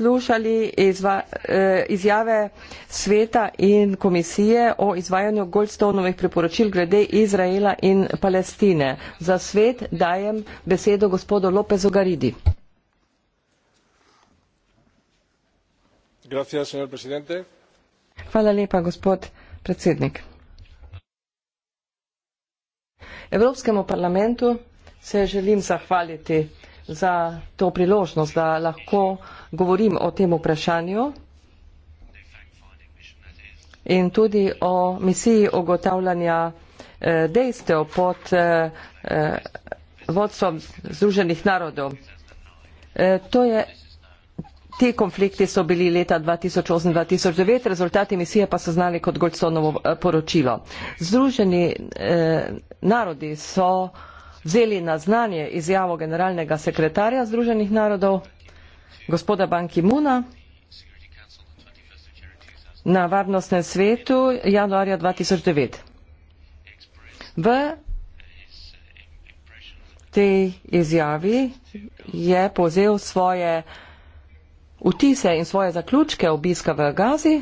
slušali izva, eh, izjave sveta in komisije o izvajanju Goldstonovih priporočil glede Izraela in Palestine. Za svet dajem besedo gospodu Lopezu Garidi. Gracias, Hvala lepa, gospod predsednik. Evropskemu parlamentu se želim zahvaliti za to priložnost, da lahko govorim o tem vprašanju in tudi o misiji ogotavljanja eh, dejstev pod eh, eh, vodstvom Združenih narodov. To je Ti konflikti so bili leta 2008-2009, rezultati misije pa so znali kot Goldstonovo poročilo. Združeni eh, narodi so eh, vzeli na znanje izjavo generalnega sekretarja Združenih narodov, gospoda Banki Muna, na varnostnem svetu januarja 2009. V tej izjavi je povzel svoje vtise in svoje zaključke obiska v Gazi,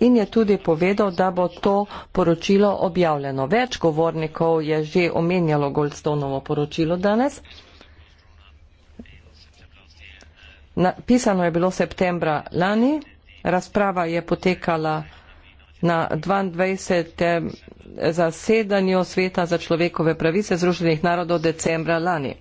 in je tudi povedal, da bo to poročilo objavljeno. Več govornikov je že omenjalo Goldstonovo poročilo danes. Pisano je bilo septembra lani, razprava je potekala na 22. zasedanju Sveta za človekove pravice Združenih narodov decembra lani.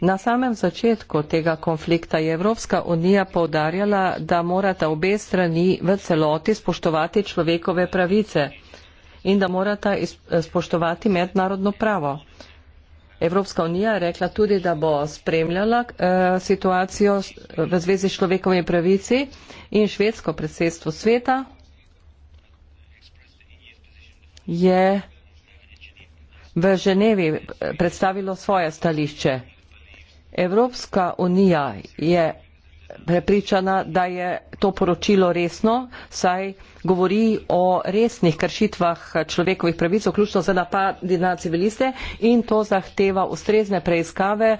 Na samem začetku tega konflikta je Evropska unija povdarjala, da morata obe strani v celoti spoštovati človekove pravice in da morata eh, spoštovati mednarodno pravo. Evropska unija je rekla tudi, da bo spremljala eh, situacijo v zvezi s človekovimi pravici in švedsko predsedstvo sveta je v Ženevi eh, predstavilo svoje stališče. Evropska unija je prepričana, da je to poročilo resno, saj govori o resnih kršitvah človekovih pravic, vključno z napadi na civiliste in to zahteva ustrezne preiskave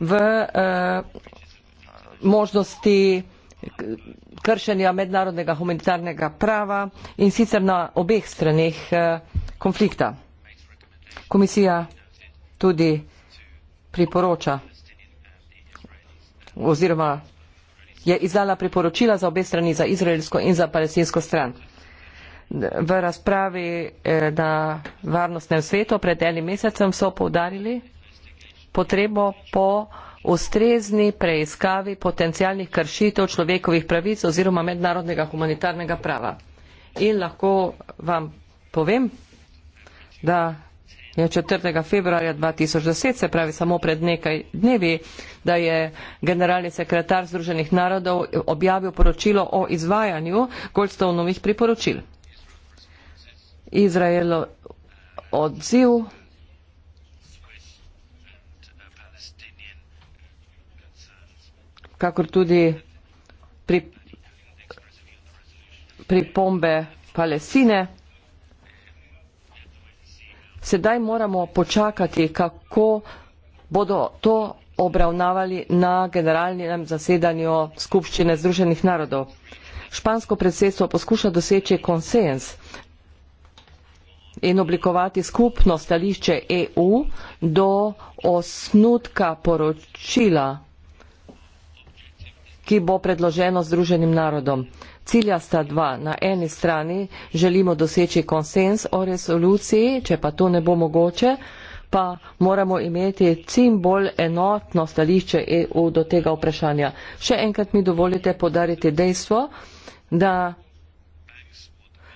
v eh, možnosti kršenja mednarodnega humanitarnega prava in sicer na obeh stranih eh, konflikta. Komisija tudi priporoča oziroma je izdala priporočila za obe strani, za izraelsko in za palestinsko stran. V razpravi eh, na varnostnem svetu pred enim mesecem so povdarili potrebo po ustrezni preiskavi potencijalnih kršitev človekovih pravic oziroma mednarodnega humanitarnega prava. In lahko vam povem, da je 4. februarja 2010, se pravi samo pred nekaj dnevi, da je generalni sekretar Združenih narodov objavil poročilo o izvajanju Goldstonovih priporočil. Izrael odziv. kakor tudi pri, pripombe Palestine sedaj moramo počakati, kako bodo to obravnavali na generalnem zasedanju Skupščine Združenih narodov. Špansko predsedstvo poskuša doseči konsens in oblikovati skupno stališče EU do osnutka poročila, ki bo predloženo Združenim narodom. Cilja sta dva. Na eni strani želimo doseči konsens o resoluciji, če pa to ne bo mogoče, pa moramo imeti čim bolj enotno stališče EU do tega vprašanja. Še enkrat mi dovolite podariti dejstvo, da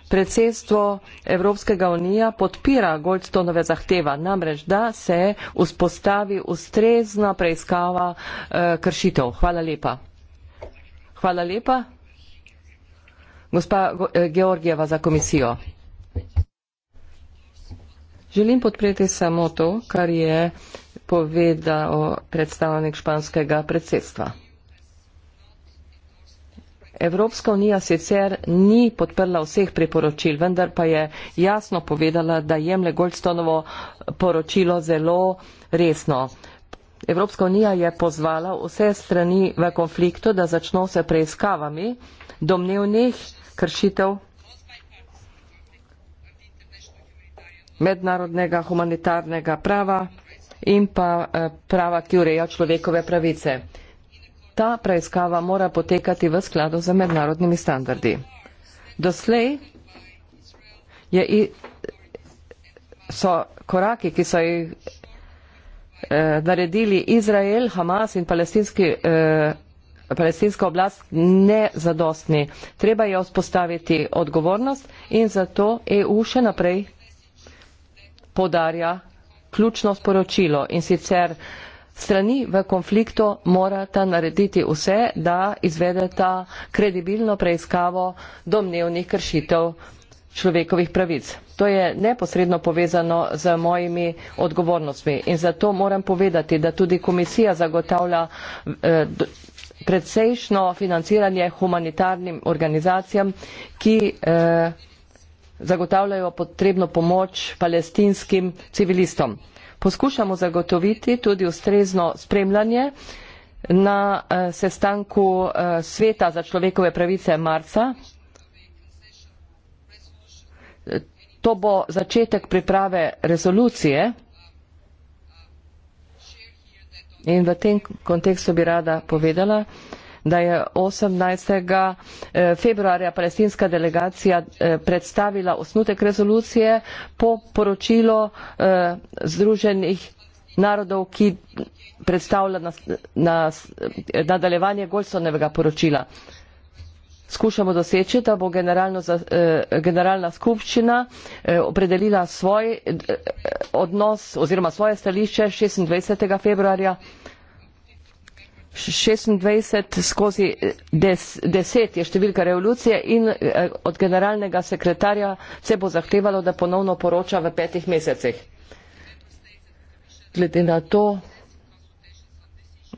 predsedstvo Evropskega unija podpira Goldstonove zahteva, namreč da se vzpostavi ustrezna preiskava eh, kršitev. Hvala lepa. Hvala lepa. Gospa eh, Georgijeva za komisijo. Želim podpreti samo to, kar je povedal predstavnik španskega predsedstva. Evropska unija sicer ni podprla vseh priporočil, vendar pa je jasno povedala, da jemlje Goldstonovo poročilo zelo resno. Evropska unija je pozvala vse strani v konfliktu, da začno se preiskavami domnevnih kršitev mednarodnega humanitarnega prava in pa eh, prava, ki ureja človekove pravice. Ta preiskava mora potekati v skladu z mednarodnimi standardi. Doslej je, so koraki, ki so jih eh, naredili Izrael, Hamas in palestinski eh, palestinska oblast ne zadostni. Treba je vzpostaviti odgovornost in zato EU še naprej podarja ključno sporočilo in sicer strani v konfliktu morata narediti vse, da izvedeta kredibilno preiskavo domnevnih kršitev človekovih pravic. To je neposredno povezano z mojimi odgovornostmi in zato moram povedati, da tudi komisija zagotavlja eh, predsejšno financiranje humanitarnim organizacijam, ki eh, zagotavljajo potrebno pomoč palestinskim civilistom. Poskušamo zagotoviti tudi ustrezno spremljanje na eh, sestanku eh, Sveta za človekove pravice marca. To bo začetek priprave rezolucije. In v tem kontekstu bi rada povedala, da je 18. Eh, februarja palestinska delegacija eh, predstavila osnutek rezolucije po poročilo eh, Združenih narodov, ki predstavlja nadaljevanje Golsonevega poročila skušamo doseči, da bo za, eh, generalna skupščina eh, opredelila svoj eh, odnos oziroma svoje stališče 26. februarja. 26 skozi 10 eh, des, je številka revolucije in eh, od generalnega sekretarja se bo zahtevalo, da ponovno poroča v petih mesecih. Glede na to,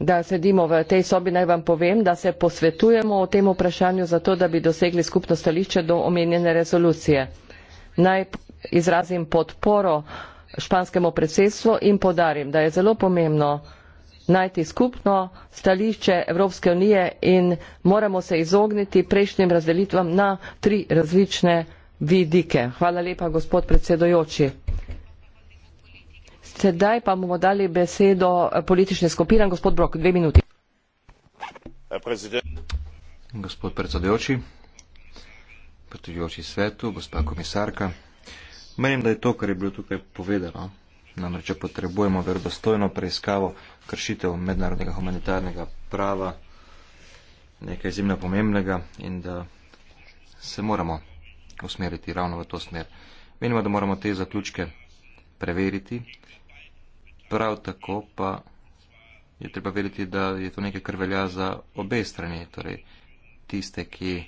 da sedimo v tej sobi, naj vam povem, da se posvetujemo o tem vprašanju zato, da bi dosegli skupno stališče do omenjene rezolucije. Naj izrazim podporo španskemu predsedstvu in podarim, da je zelo pomembno najti skupno stališče Evropske unije in moramo se izogniti prejšnjim razdelitvam na tri različne vidike. Hvala lepa, gospod predsedojoči. Sedaj pa bomo dali besedo politične skupine. Gospod Brok, dve minuti. President. Gospod predsedujoči, predsedujoči svetu, gospa komisarka. Menim, da je to, kar je bilo tukaj povedano, namreč potrebujemo verodostojno preiskavo kršitev mednarodnega humanitarnega prava, nekaj izjemno pomembnega in da se moramo usmeriti ravno v to smer. Menimo, da moramo te zaključke preveriti. Prav tako pa je treba vedeti, da je to nekaj, kar velja za obe strani, torej tiste, ki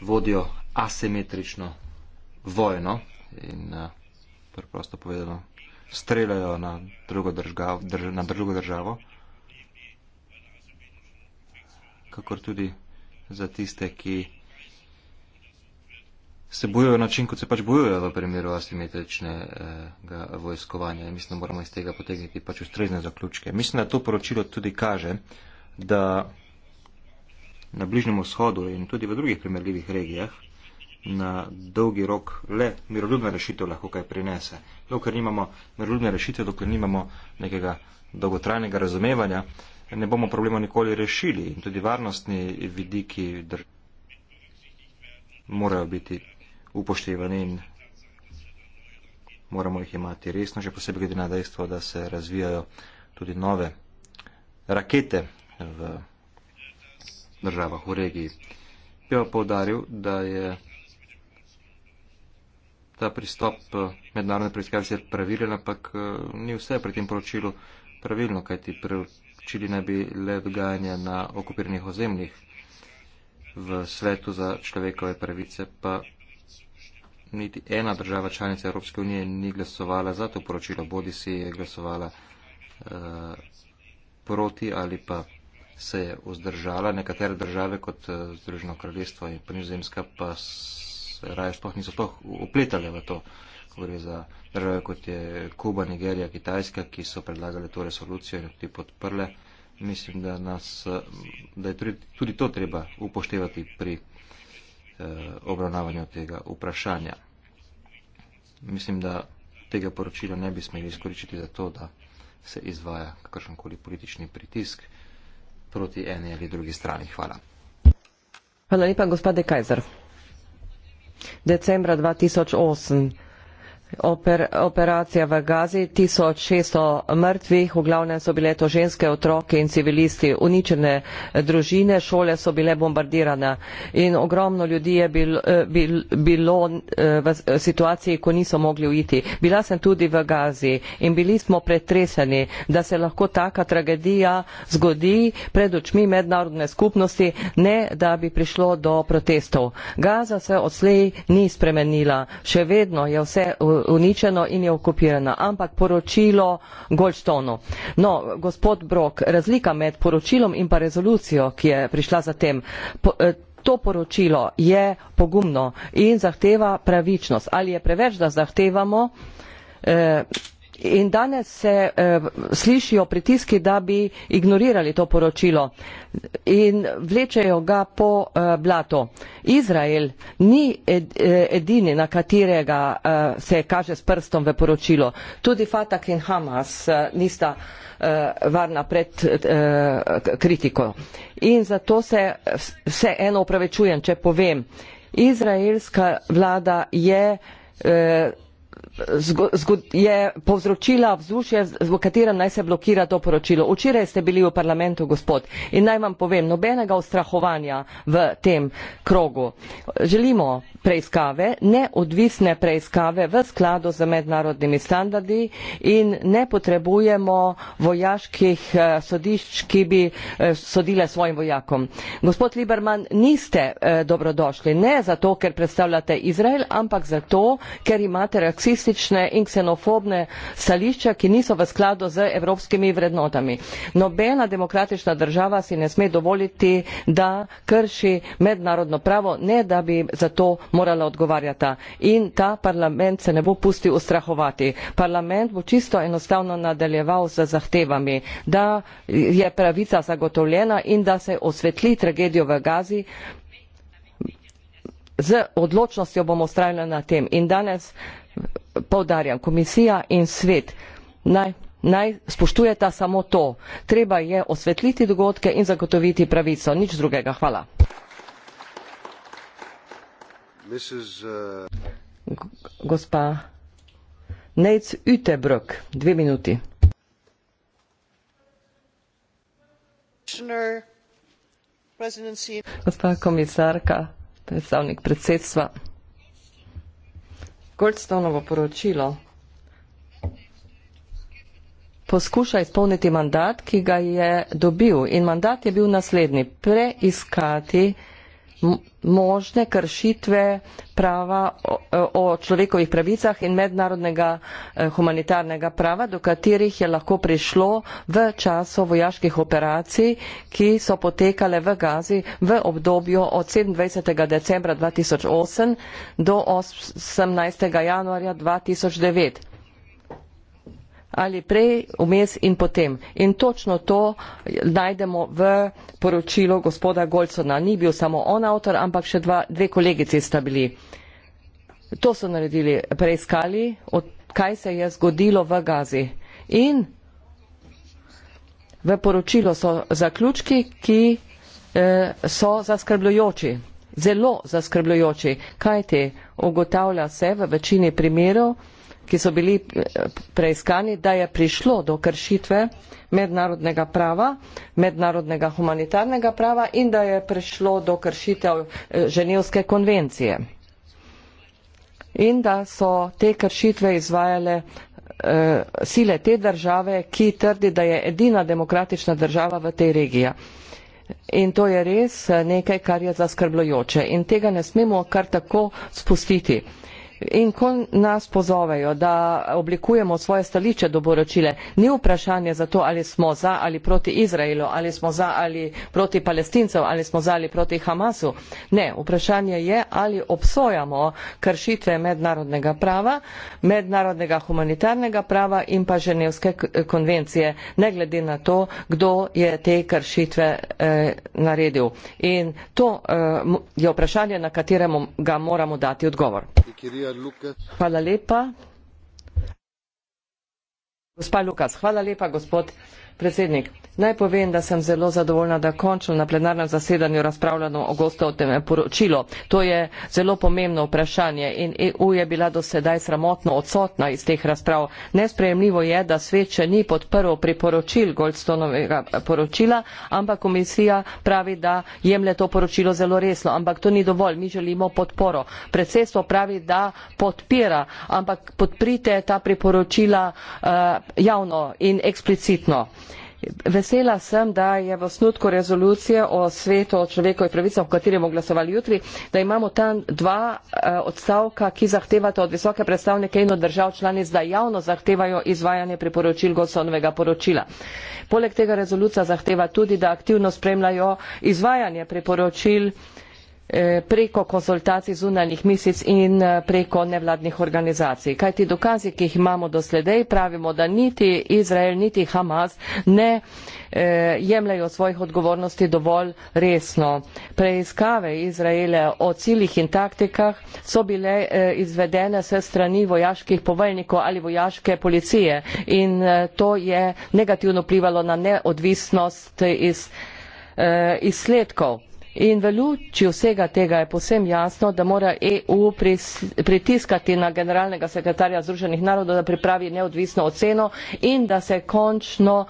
vodijo asimetrično vojno in eh, preprosto povedano streljajo na drugo, držav, drž, na drugo državo, kakor tudi za tiste, ki se bojujejo na način, kot se pač bojujejo v primeru asimetričnega eh, vojskovanja. Mislim, da moramo iz tega potegniti pač ustrezne zaključke. Mislim, da to poročilo tudi kaže, da na Bližnjem vzhodu in tudi v drugih primerljivih regijah na dolgi rok le miroljubna rešitev lahko kaj prinese. Dokler nimamo miroljubne rešitve, dokler nimamo nekega dolgotrajnega razumevanja, ne bomo problema nikoli rešili. In tudi varnostni vidiki morajo biti upoštevani in moramo jih imati resno, še posebej glede na dejstvo, da se razvijajo tudi nove rakete v državah, v regiji. Bi pa povdaril, da je ta pristop eh, mednarodne preiskave sicer pravilen, ampak eh, ni vse pri tem poročilu pravilno, kajti preučili naj bi le dogajanje na okupiranih ozemljih v svetu za človekove pravice, pa niti ena država članica Evropske unije ni glasovala za to poročilo, bodi si je glasovala uh, proti ali pa se je vzdržala. Nekatere države kot eh, Združeno kraljestvo in Nizozemska pa se raje sploh niso sploh upletale v to. Gre za države kot je Kuba, Nigerija, Kitajska, ki so predlagale to resolucijo in tudi podprle. Mislim, da, nas, da je tudi to treba upoštevati pri Eh, obravnavanju tega vprašanja. Mislim, da tega poročila ne bi smeli izkoričiti za to, da se izvaja kakršenkoli politični pritisk proti eni ali drugi strani. Hvala. Hvala lepa, gospod Dekajzer. Decembra 2008. Oper, operacija v Gazi, 1600 mrtvih, v glavnem so bile to ženske, otroke in civilisti, uničene eh, družine, šole so bile bombardirane in ogromno ljudi je bil, eh, bil, bilo eh, v situaciji, ko niso mogli uiti. Bila sem tudi v Gazi in bili smo pretreseni, da se lahko taka tragedija zgodi pred očmi mednarodne skupnosti, ne da bi prišlo do protestov. Gaza se odslej ni spremenila, še vedno je vse v uničeno in je okupirano, ampak poročilo Goldstonu. No, gospod Brok, razlika med poročilom in pa rezolucijo, ki je prišla zatem. Po, eh, To poročilo je pogumno in zahteva pravičnost. Ali je preveč, da zahtevamo eh, in danes se eh, slišijo pritiski, da bi ignorirali to poročilo in vlečejo ga po eh, blato. Izrael ni ed, eh, edini, na katerega eh, se kaže s prstom v poročilo. Tudi Fatah in Hamas eh, nista eh, varna pred eh, kritiko. In zato se vse eno opravečujem, če povem. Izraelska vlada je. Eh, je povzročila vzdušje, v katerem naj se blokira to poročilo. Včeraj ste bili v parlamentu, gospod, in naj vam povem, nobenega ustrahovanja v tem krogu. Želimo preiskave, neodvisne preiskave v skladu z mednarodnimi standardi in ne potrebujemo vojaških eh, sodišč, ki bi eh, sodile svojim vojakom. Gospod Liberman, niste eh, dobrodošli, ne zato, ker predstavljate Izrael, ampak zato, ker imate reakcijski rasistične in ksenofobne stališča, ki niso v skladu z evropskimi vrednotami. Nobena demokratična država si ne sme dovoliti, da krši mednarodno pravo, ne da bi za to morala odgovarjati. In ta parlament se ne bo pustil ustrahovati. Parlament bo čisto enostavno nadaljeval z zahtevami, da je pravica zagotovljena in da se osvetli tragedijo v Gazi. Z odločnostjo bomo ustrajali na tem. In danes poudarjam komisija in svet naj naj spoštujeta samo to. Treba je osvetliti dogodke in zagotoviti pravico. Nič drugega. Hvala. Mrs. Eh, Gospa Nec Utebrok, dve minuti. Gospa komisarka, predstavnik predsedstva. Goldstonovo poročilo. Poskuša izpolniti mandat, ki ga je dobil. In mandat je bil naslednji. Preiskati možne kršitve prava o, o človekovih pravicah in mednarodnega eh, humanitarnega prava, do katerih je lahko prišlo v času vojaških operacij, ki so potekale v Gazi v obdobju od 27. decembra 2008 do 18. januarja 2009 ali prej, vmes in potem. In točno to najdemo v poročilu gospoda Golcona. Ni bil samo on avtor, ampak še dva, dve kolegici sta bili. To so naredili, preiskali, od, kaj se je zgodilo v Gazi. In v poročilu so zaključki, ki eh, so zaskrbljujoči. Zelo zaskrbljujoči. Kaj te ugotavlja se v večini primerov? ki so bili eh, preiskani, da je prišlo do kršitve mednarodnega prava, mednarodnega humanitarnega prava in da je prišlo do kršitev eh, Ženevske konvencije. In da so te kršitve izvajale eh, sile te države, ki trdi, da je edina demokratična država v tej regiji. In to je res eh, nekaj, kar je zaskrbljujoče. In tega ne smemo kar tako spustiti. In ko nas pozovejo, da oblikujemo svoje stališče do poročile, ni vprašanje za to, ali smo za ali proti Izraelu, ali smo za ali proti palestincev, ali smo za ali proti Hamasu. Ne, vprašanje je, ali obsojamo kršitve mednarodnega prava, mednarodnega humanitarnega prava in pa ženevske konvencije, ne glede na to, kdo je te kršitve eh, naredil. In to eh, je vprašanje, na katerem ga moramo dati odgovor. Hvala lepa. Gospa Lukas, hvala lepa, gospod. Predsednik, naj povem, da sem zelo zadovoljna, da končno na plenarnem zasedanju razpravljamo o gostovtem poročilo. To je zelo pomembno vprašanje in EU je bila do sedaj sramotno odsotna iz teh razprav. Nesprejemljivo je, da svet še ni podprl priporočil Goldstonovega poročila, ampak komisija pravi, da jemlje to poročilo zelo resno. Ampak to ni dovolj, mi želimo podporo. Predsedstvo pravi, da podpira, ampak podprite ta priporočila uh, javno in eksplicitno. Vesela sem, da je v osnutku rezolucije o svetu o človekovih pravicah, o katerem bomo glasovali jutri, da imamo tam dva eh, odstavka, ki zahtevata od visoke predstavnike in od držav članic, da javno zahtevajo izvajanje priporočil Gosonovega poročila. Poleg tega rezolucija zahteva tudi, da aktivno spremljajo izvajanje priporočil Eh, preko konsultacij zunanjih misic in eh, preko nevladnih organizacij. Kajti dokazi, ki jih imamo do sledej, pravimo, da niti Izrael, niti Hamas ne eh, jemljajo svojih odgovornosti dovolj resno. Preiskave Izraele o ciljih in taktikah so bile izvedene se strani vojaških poveljnikov ali vojaške policije in to je negativno vplivalo na neodvisnost iz izsledkov. In v luči vsega tega je posebno jasno, da mora EU pritiskati na generalnega sekretarja Združenih narodov, da pripravi neodvisno oceno in da se končno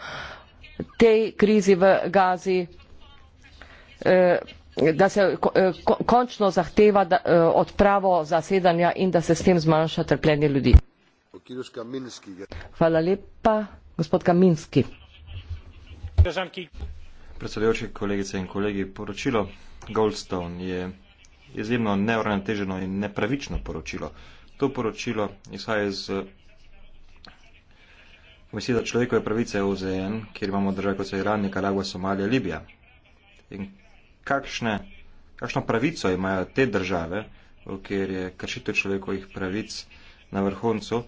tej krizi v Gazi, eh, da se eh, končno zahteva eh, odpravo zasedanja in da se s tem zmanjša trpljenje ljudi. Hvala lepa, gospod Kaminski predsedujoči, kolegice in kolegi, poročilo Goldstone je izjemno neuravnoteženo in nepravično poročilo. To poročilo izhaja iz Komisije za človekove pravice OZN, kjer imamo države kot so Iran, Nicaragua, Somalija, Libija. In kakšne, kakšno pravico imajo te države, v kjer je kršitev človekovih pravic na vrhuncu,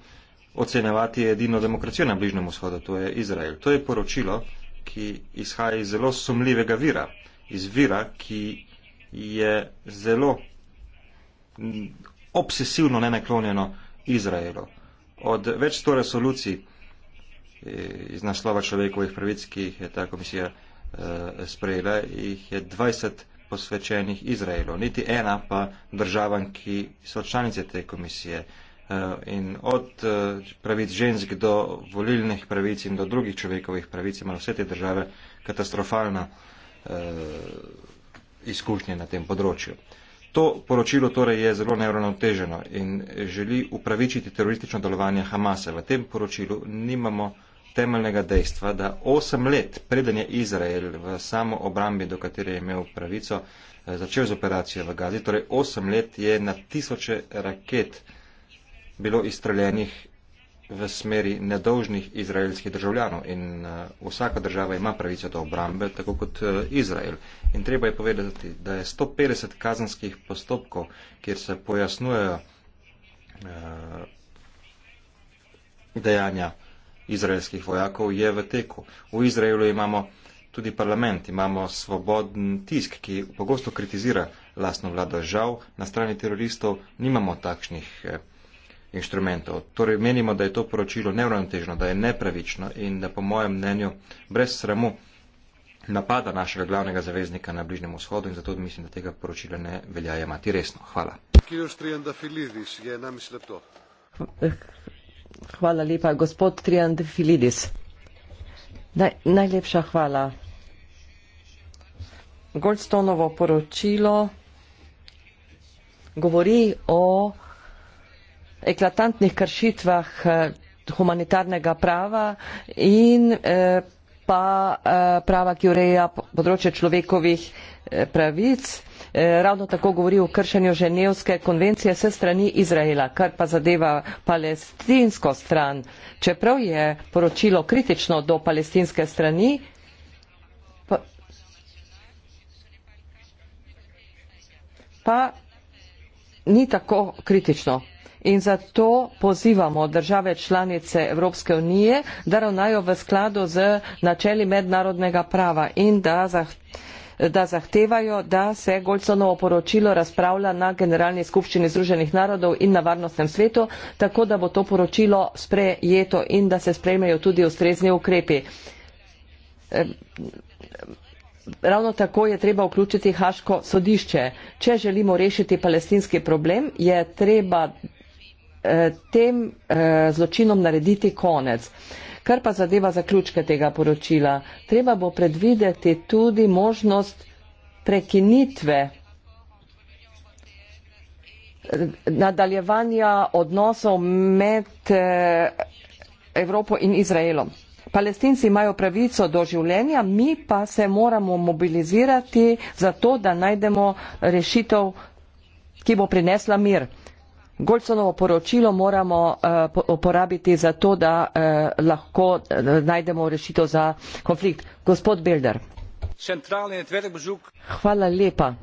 ocenjevati edino demokracijo na Bližnjem vzhodu, to je Izrael. To je poročilo, ki izhaja iz zelo sumljivega vira, iz vira, ki je zelo obsesivno nenaklonjeno Izraelu. Od več sto resolucij eh, iz naslova človekovih pravic, ki jih je ta komisija eh, sprejela, jih je 20 posvečenih Izraelu. Niti ena pa državam, ki so članice te komisije. Eh, Eh, in od eh, pravic žensk do volilnih pravic in do drugih človekovih pravic ima vse te države katastrofalna eh, izkušnja na tem področju. To poročilo torej je zelo neuravnoteženo in želi upravičiti teroristično delovanje Hamasa. V tem poročilu nimamo temeljnega dejstva, da osem let preden je Izrael v samo obrambi, do katere je imel pravico, začel z operacijo v Gazi, torej osem let je na tisoče raket eh, bilo izstreljenih v smeri nedolžnih izraelskih državljanov in uh, vsaka država ima pravico do obrambe, tako kot uh, Izrael. In treba je povedati, da je 150 kazanskih postopkov, kjer se pojasnujejo uh, eh, dejanja izraelskih vojakov, je v teku. V Izraelu imamo tudi parlament, imamo svoboden tisk, ki pogosto kritizira lastno vlado. Žal, na strani teroristov nimamo takšnih. Uh, inštrumentov. Torej menimo, da je to poročilo neuravnotežno, da je nepravično in da po mojem mnenju brez sramu napada našega glavnega zaveznika na Bližnjem vzhodu in zato mislim, da tega poročila ne velja imati resno. Hvala. Hvala lepa, gospod Triandafilidis. Naj, najlepša hvala. Goldstonovo poročilo govori o eklatantnih kršitvah eh, humanitarnega prava in eh, pa eh, prava, ki ureja področje človekovih pravic. Ravno tako govori o kršenju Ženevske konvencije s strani Izraela, kar pa zadeva palestinsko stran. Čeprav je poročilo kritično do palestinske strani, pa, pa ni tako kritično in zato pozivamo države članice Evropske unije, da ravnajo v skladu z načeli mednarodnega prava in da zahtevajo da zahtevajo, da se Golconovo poročilo razpravlja na Generalni skupščini Združenih narodov in na Varnostnem svetu, tako da bo to poročilo sprejeto in da se sprejmejo tudi ustrezni ukrepi. Ravno tako je treba vključiti Haško sodišče. Če želimo rešiti palestinski problem, je treba Eh, tem eh, zločinom narediti konec. Kar pa zadeva zaključke tega poročila, treba bo predvideti tudi možnost prekinitve eh, nadaljevanja odnosov med Evropo in Izraelom. Palestinci imajo pravico do življenja, mi pa se moramo mobilizirati za to, da najdemo rešitev, ki bo prinesla mir goldsonovo poročilo moramo eh, uporabiti za to da eh, lahko eh, najdemo rešitev za konflikt gospod belder hvala lepa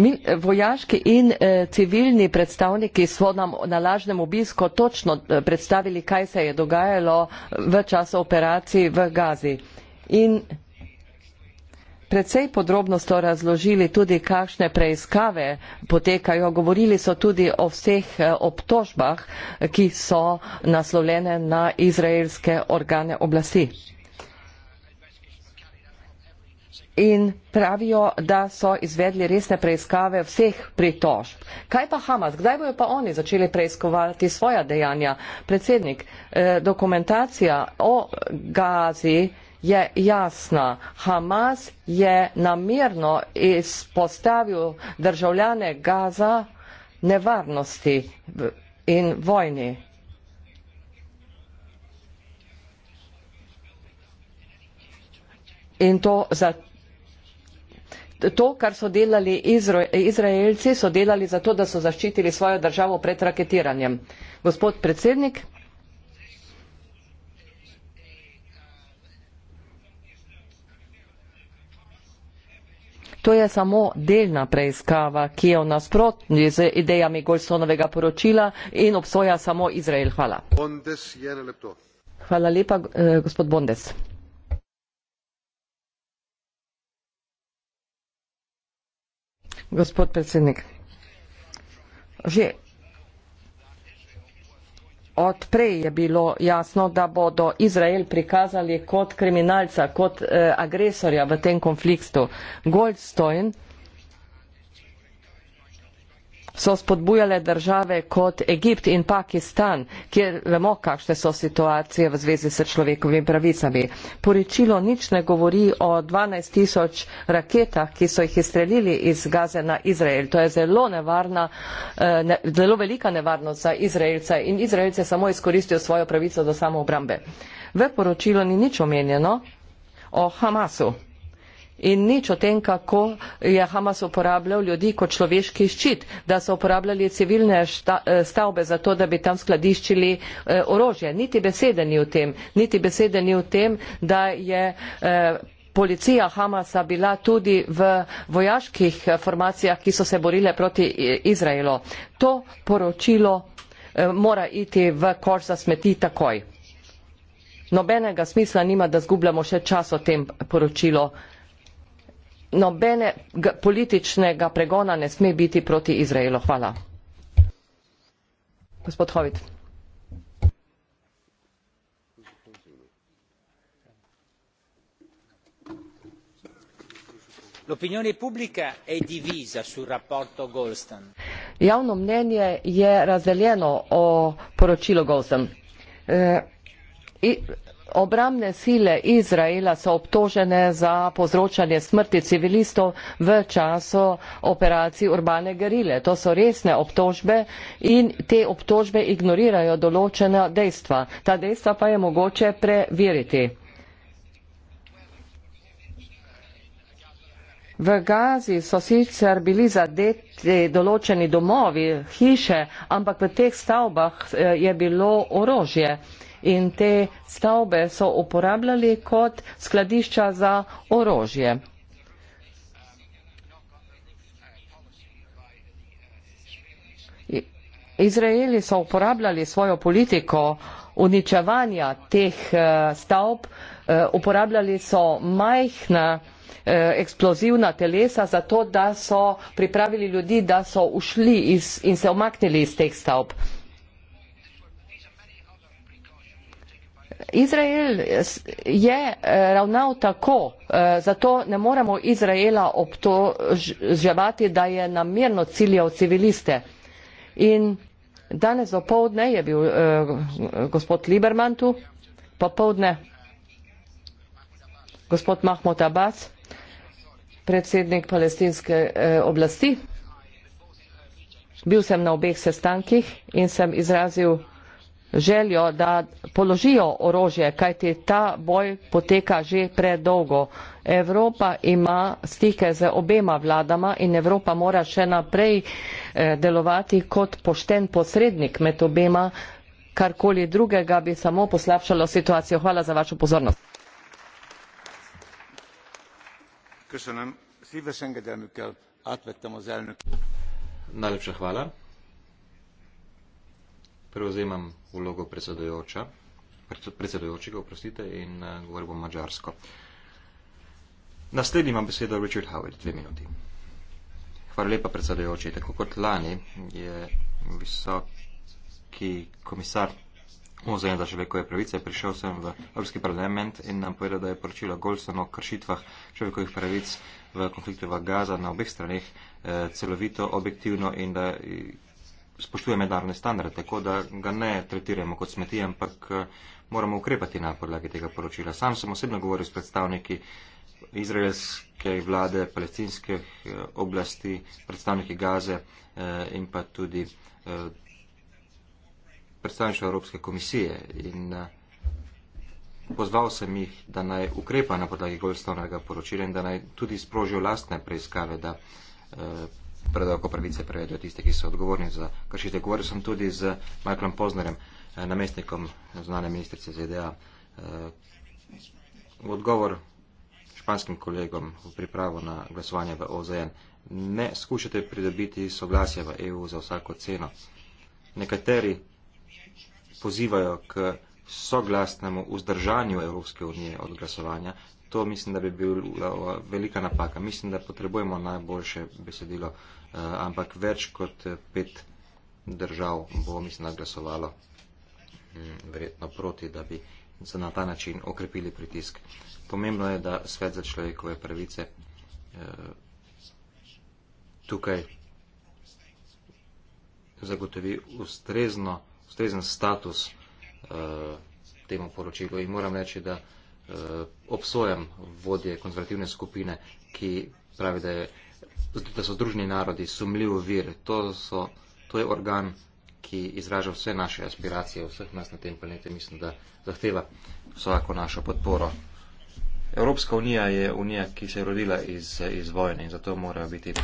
Min, eh, vojaški in eh, civilni predstavniki so nam na lažnem obisku točno eh, predstavili, kaj se je dogajalo eh, v času operacij v Gazi. In predvsej podrobno so razložili tudi, kakšne preiskave potekajo. Govorili so tudi o vseh eh, obtožbah, ki so naslovljene na izraelske organe oblasti in pravijo, da so izvedli resne preiskave vseh pritožb. Kaj pa Hamas? Kdaj bojo pa oni začeli preiskovati svoja dejanja? Predsednik, eh, dokumentacija o Gazi je jasna. Hamas je namerno izpostavil državljane Gaza nevarnosti in vojni. In to zato, to kar so delali izraelci so delali zato da so zaščitili svojo državo pred raketiranjem gospod predsednik To je samo delna preiskava, ki je v nasprotni z idejami Golsonovega poročila in obsoja samo Izrael. Hvala. Hvala lepa, eh, gospod Bondes. Gospod predsednik, že odprej je bilo jasno, da bodo Izrael prikazali kot kriminalca, kot eh, agresorja v tem konfliktu. Goldstein so spodbujale države kot Egipt in Pakistan, kjer vemo, kakšne so situacije v zvezi s človekovimi pravicami. Poročilo nič ne govori o 12 tisoč raketah, ki so jih izstrelili iz Gaze na Izrael. To je zelo, nevarna, eh, zelo velika nevarnost za Izraelce in Izraelce samo izkoristijo svojo pravico do samoobrambe. V poročilu ni nič omenjeno o Hamasu in nič o tem, kako je Hamas uporabljal ljudi kot človeški ščit, da so uporabljali civilne šta, eh, stavbe za to, da bi tam skladiščili eh, orožje. Niti besede ni o tem, niti besede ni o tem, da je. Eh, Policija Hamasa bila tudi v vojaških eh, formacijah, ki so se borile proti eh, Izraelu. To poročilo eh, mora iti v koš za smeti takoj. Nobenega smisla nima, da zgubljamo še čas o tem poročilu nobene političnega pregona ne sme biti proti Izraelu. Hvala. Gospod Hovit. Javno mnenje je razdeljeno o poročilu Golsen. Eh, Obramne sile Izraela so obtožene za povzročanje smrti civilistov v času operacij urbane gerile. To so resne obtožbe in te obtožbe ignorirajo določena dejstva. Ta dejstva pa je mogoče preveriti. V Gazi so sicer bili zadeti določeni domovi, hiše, ampak v teh stavbah eh, je bilo orožje in te stavbe so uporabljali kot skladišča za orožje. Izraeli so uporabljali svojo politiko uničevanja teh eh, stavb, eh, uporabljali so majhna eh, eksplozivna telesa zato, da so pripravili ljudi, da so ušli iz, in se omaknili iz teh stavb. Izrael je eh, ravnal tako, eh, zato ne moremo Izraela obtoževati, da je namerno ciljal civiliste. In danes opovdne je bil eh, gospod Liberman tu, popovdne gospod Mahmoud Abbas, predsednik palestinske oblasti. Bil sem na obeh sestankih in sem izrazil željo, da položijo orožje, kajti ta boj poteka že predolgo. Evropa ima stike z obema vladama in Evropa mora še naprej eh, delovati kot pošten posrednik med obema, karkoli drugega bi samo poslabšalo situacijo. Hvala za vašo pozornost. Najlepša hvala prevzemam vlogo predsedujočega oprostite, in uh, eh, govorim bom mađarsko. Naslednji ima besedo Richard Howard, dve minuti. Hvala lepa, predsedujoči. Tako kot lani je visoki komisar Muzeja za človekove pravice prišel sem v Evropski parlament in nam povedal, da je poročilo Golson o kršitvah človekovih pravic v konfliktu v Gaza na obeh straneh eh, celovito, objektivno in da spoštuje mednarodne standarde, tako da ga ne tretiramo kot smeti, ampak eh, moramo ukrepati na podlagi tega poročila. Sam sem osebno govoril s predstavniki izraelske vlade, palestinskih eh, oblasti, predstavniki Gaze eh, in pa tudi predstavništva Evropske komisije. In pozval sem jih, da naj ukrepa na podlagi Goldstonega poročila in da naj tudi sprožijo lastne preiskave, da predolgo pravice prevedli tiste, ki so odgovorni za kršite. Govoril sem tudi z Michaelom Poznerem, eh, namestnikom znane ministrice ZDA. Eh, v odgovor španskim kolegom v pripravo na glasovanje v OZN. Ne skušate pridobiti soglasje v EU za vsako ceno. Nekateri pozivajo k soglasnemu vzdržanju Evropske unije od glasovanja, To mislim, da bi bila eh, velika napaka. Mislim, da potrebujemo najboljše besedilo, eh, ampak več kot eh, pet držav bo, mislim, naglasovalo mm, verjetno proti, da bi se na ta način okrepili pritisk. Pomembno je, da svet za človekove pravice tukaj zagotovi ustrezno, ustrezen status temu poročilu in moram reči, da. Eh, obsojam vodje konzervativne skupine, ki pravi, da, je, da so združeni narodi sumljiv vir. To, so, to je organ, ki izraža vse naše aspiracije, vseh nas na tem planetu, mislim, da zahteva vsako našo podporo. Evropska unija je unija, ki se je rodila iz, iz vojne in zato morajo biti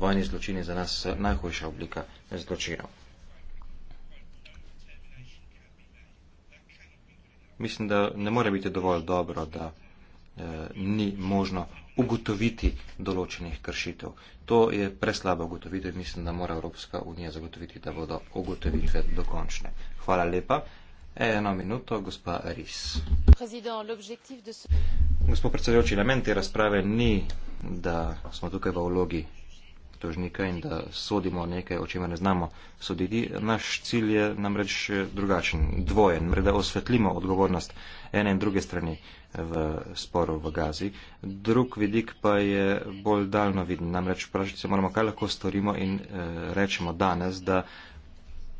vojni zločini za nas najhujša oblika zločinov. mislim, da ne more biti dovolj dobro, da eh, ni možno ugotoviti določenih kršitev. To je preslaba ugotovitev in mislim, da mora Evropska unija zagotoviti, da bodo ugotovitve dokončne. Hvala lepa. Eno minuto, gospa Ris. Gospod predsedujoči, namen te razprave ni, da smo tukaj v vlogi tožnika in da sodimo nekaj, o čemer ne znamo soditi. Naš cilj je namreč drugačen, dvojen, da osvetlimo odgovornost ene in druge strani v sporu v Gazi. Drug vidik pa je bolj daljno viden, namreč vprašati se moramo, kaj lahko storimo in e, rečemo danes, da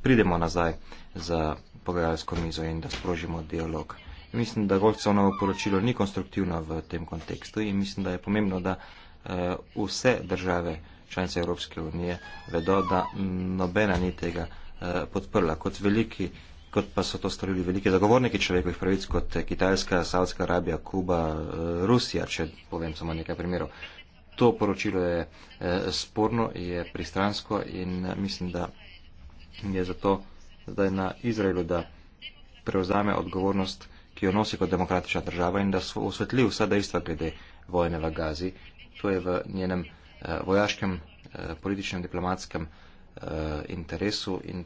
pridemo nazaj za pogajalsko mizo in da sprožimo dialog. Mislim, da Golcovnovo poročilo ni konstruktivno v tem kontekstu in mislim, da je pomembno, da uh, vse države uh, članice Evropske unije vedo, da nobena ni tega eh, podprla. Kot, veliki, kot pa so to storili veliki zagovorniki človekovih pravic, kot eh, Kitajska, Saudska Arabija, Kuba, eh, Rusija, če povem samo nekaj primerov. To poročilo je eh, sporno, je pristransko in eh, mislim, da je zato zdaj na Izraelu, da prevzame odgovornost, ki jo nosi kot demokratična država in da osvetli vsa dejstva glede vojne v Gazi. To je v njenem eh, vojaškem, eh, političnem, diplomatskem eh, interesu in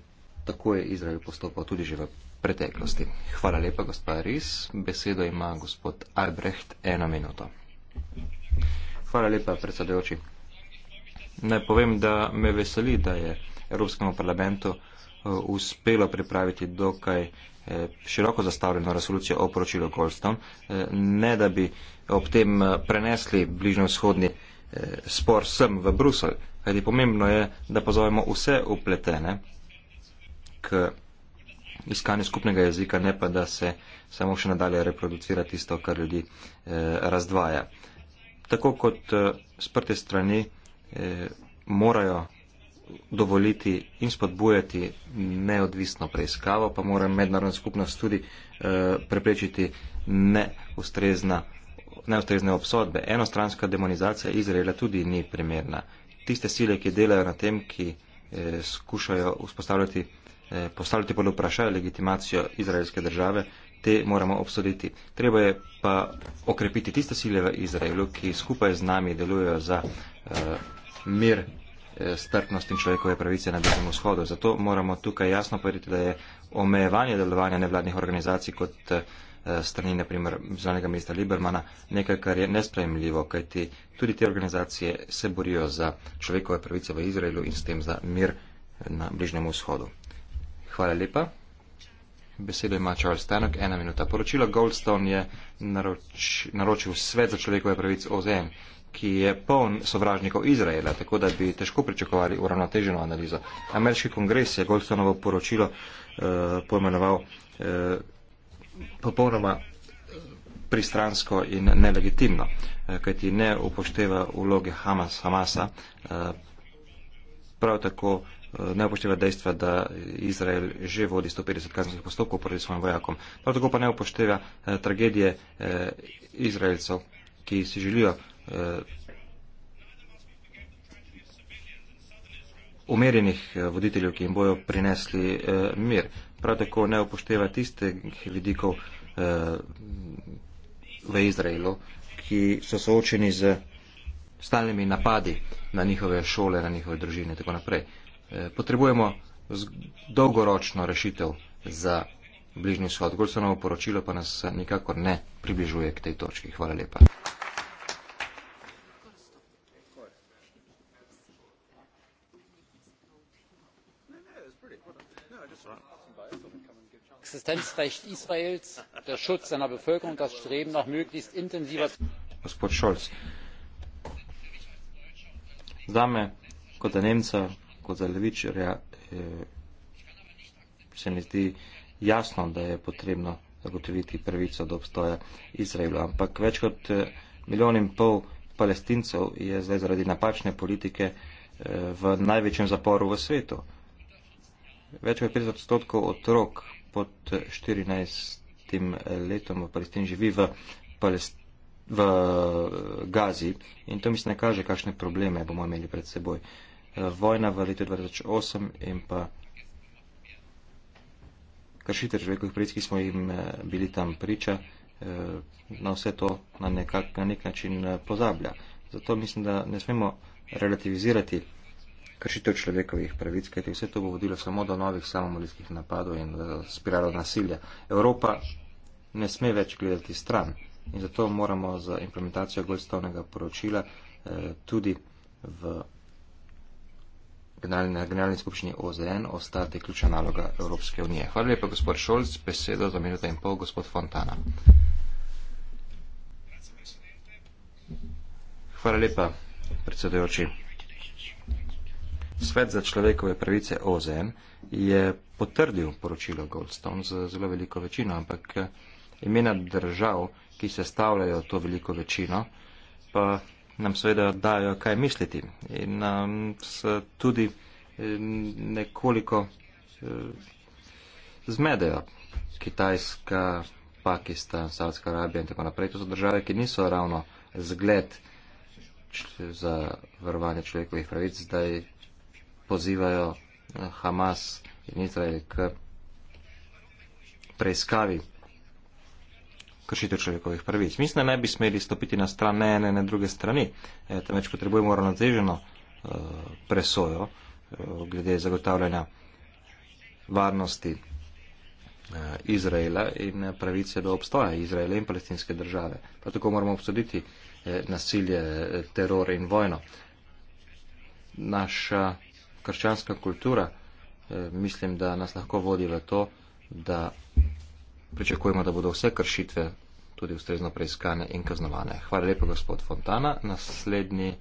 tako je Izrael postopal tudi že v preteklosti. Hvala lepa, gospod Aris. Besedo ima gospod Albrecht eno minuto. Hvala lepa, predsedujoči. Naj povem, da me veseli, da je Evropskemu parlamentu eh, uspelo pripraviti dokaj široko zastavljeno resolucijo o poročilu Goldstone, ne da bi ob tem prenesli bližnjo vzhodni Eh, spor sem v Bruselj. Kajti pomembno je, da pozovemo vse upletene k iskanju skupnega jezika, ne pa da se samo še nadalje reproducira tisto, kar ljudi eh, razdvaja. Tako kot eh, sprte strani morajo dovoliti in spodbujati neodvisno preiskavo, pa mora mednarodna skupnost tudi eh, preprečiti neustrezna neustrezne obsodbe. Enostranska demonizacija Izraela tudi ni primerna. Tiste sile, ki delajo na tem, ki eh, skušajo vzpostavljati, eh, postavljati pod vprašanje legitimacijo izraelske države, te moramo obsoditi. Treba je pa okrepiti tiste sile v Izraelu, ki skupaj z nami delujejo za eh, mir eh, strpnost in človekove pravice na Bližnjem vzhodu. Zato moramo tukaj jasno povedati, da je omejevanje delovanja nevladnih organizacij kot eh, Eh, strani naprimer zvanega ministra Libermana, nekaj, kar je nespremljivo, kajti tudi te organizacije se borijo za človekove pravice v Izraelu in s tem za mir na Bližnjem vzhodu. Hvala lepa. Besedo ima Charles Stanok, ena minuta. Poročilo Goldstone je naroč, naročil svet za človekove pravice OZN, ki je poln sovražnikov Izraela, tako da bi težko pričakovali uravnoteženo analizo. Ameriški kongres je Goldstoneovo poročilo uh, poimenoval uh, popolnoma eh, pristransko in nelegitimno, eh, kajti ne upošteva vloge Hamas, Hamasa, eh, prav tako ne upošteva dejstva, da Izrael že vodi 150 kazenskih postopkov proti svojim vojakom, prav tako pa ne upošteva tragedije Izraelcev, ki si želijo umerjenih voditeljev, ki jim bojo prinesli mir prav tako ne upošteva tistih vidikov eh, v Izraelu, ki so soočeni z stalnimi napadi na njihove šole, na njihove družine in tako naprej. Eh, potrebujemo dolgoročno rešitev za bližnji vzhod. Gorsonovo poročilo pa nas nikakor ne približuje k tej točki. Hvala lepa. existenzrecht israels der schutz seiner bevölkerung und das streben nach möglichst intensiver. gospod scholz zame kot za nemca kot za levičarja eh, se mi zdi jasno da je potrebno zagotoviti pravico do obstoja izraela ampak več kot eh, milijon in pol palestincev je zdaj zaradi napačne politike eh, v največjem zaporu v svetu. Več kot 50 odstotkov otrok pod 14 letom v Palestini živi v, palest, v eh, Gazi in to mislim, da kaže, kakšne probleme bomo imeli pred seboj. Eh, vojna v letu 2008 in pa kršitev človekovih pravic, ki smo jim eh, bili tam priča, na vse to na, nekak, na nek način pozablja. Zato mislim, da ne smemo relativizirati kršitev človekovih pravic, kajti vse to bo vodilo samo do novih samomorskih napadov in eh, spiralo nasilja. Evropa ne sme več gledati stran in zato moramo za implementacijo Goldstonega poročila eh, tudi v generalni, generalni skupščini OZN ostati ključna naloga Evropske unije. Hvala lepa, gospod Šolc, besedo za minuto in pol, gospod Fontana. Hvala lepa, predsedujoči. Svet za človekove pravice OZN je potrdil poročilo Goldstone z zelo veliko večino, ampak eh, imena držav, ki se stavljajo to veliko večino, pa nam seveda dajo kaj misliti in nam se tudi eh, nekoliko eh, zmedejo. Kitajska, Pakistan, Saudska Arabija in tako naprej. To so države, ki niso ravno zgled za varovanje človekovih pravic. Zdaj pozivajo eh, Hamas in Izrael k preiskavi kršitev človekovih pravic. Mislim, da ne bi smeli stopiti na stran ne ene, ne druge strani, e, temveč potrebujemo uravnoteženo e, presojo e, glede zagotavljanja varnosti e, Izraela in pravice do obstoja Izraela in palestinske države. Prav tako moramo obsoditi e, nasilje, teror in vojno. Naša krščanska kultura, eh, mislim, da nas lahko vodi v to, da pričakujemo, da bodo vse kršitve tudi ustrezno preiskane in kaznovane. Hvala lepa, gospod Fontana. Naslednji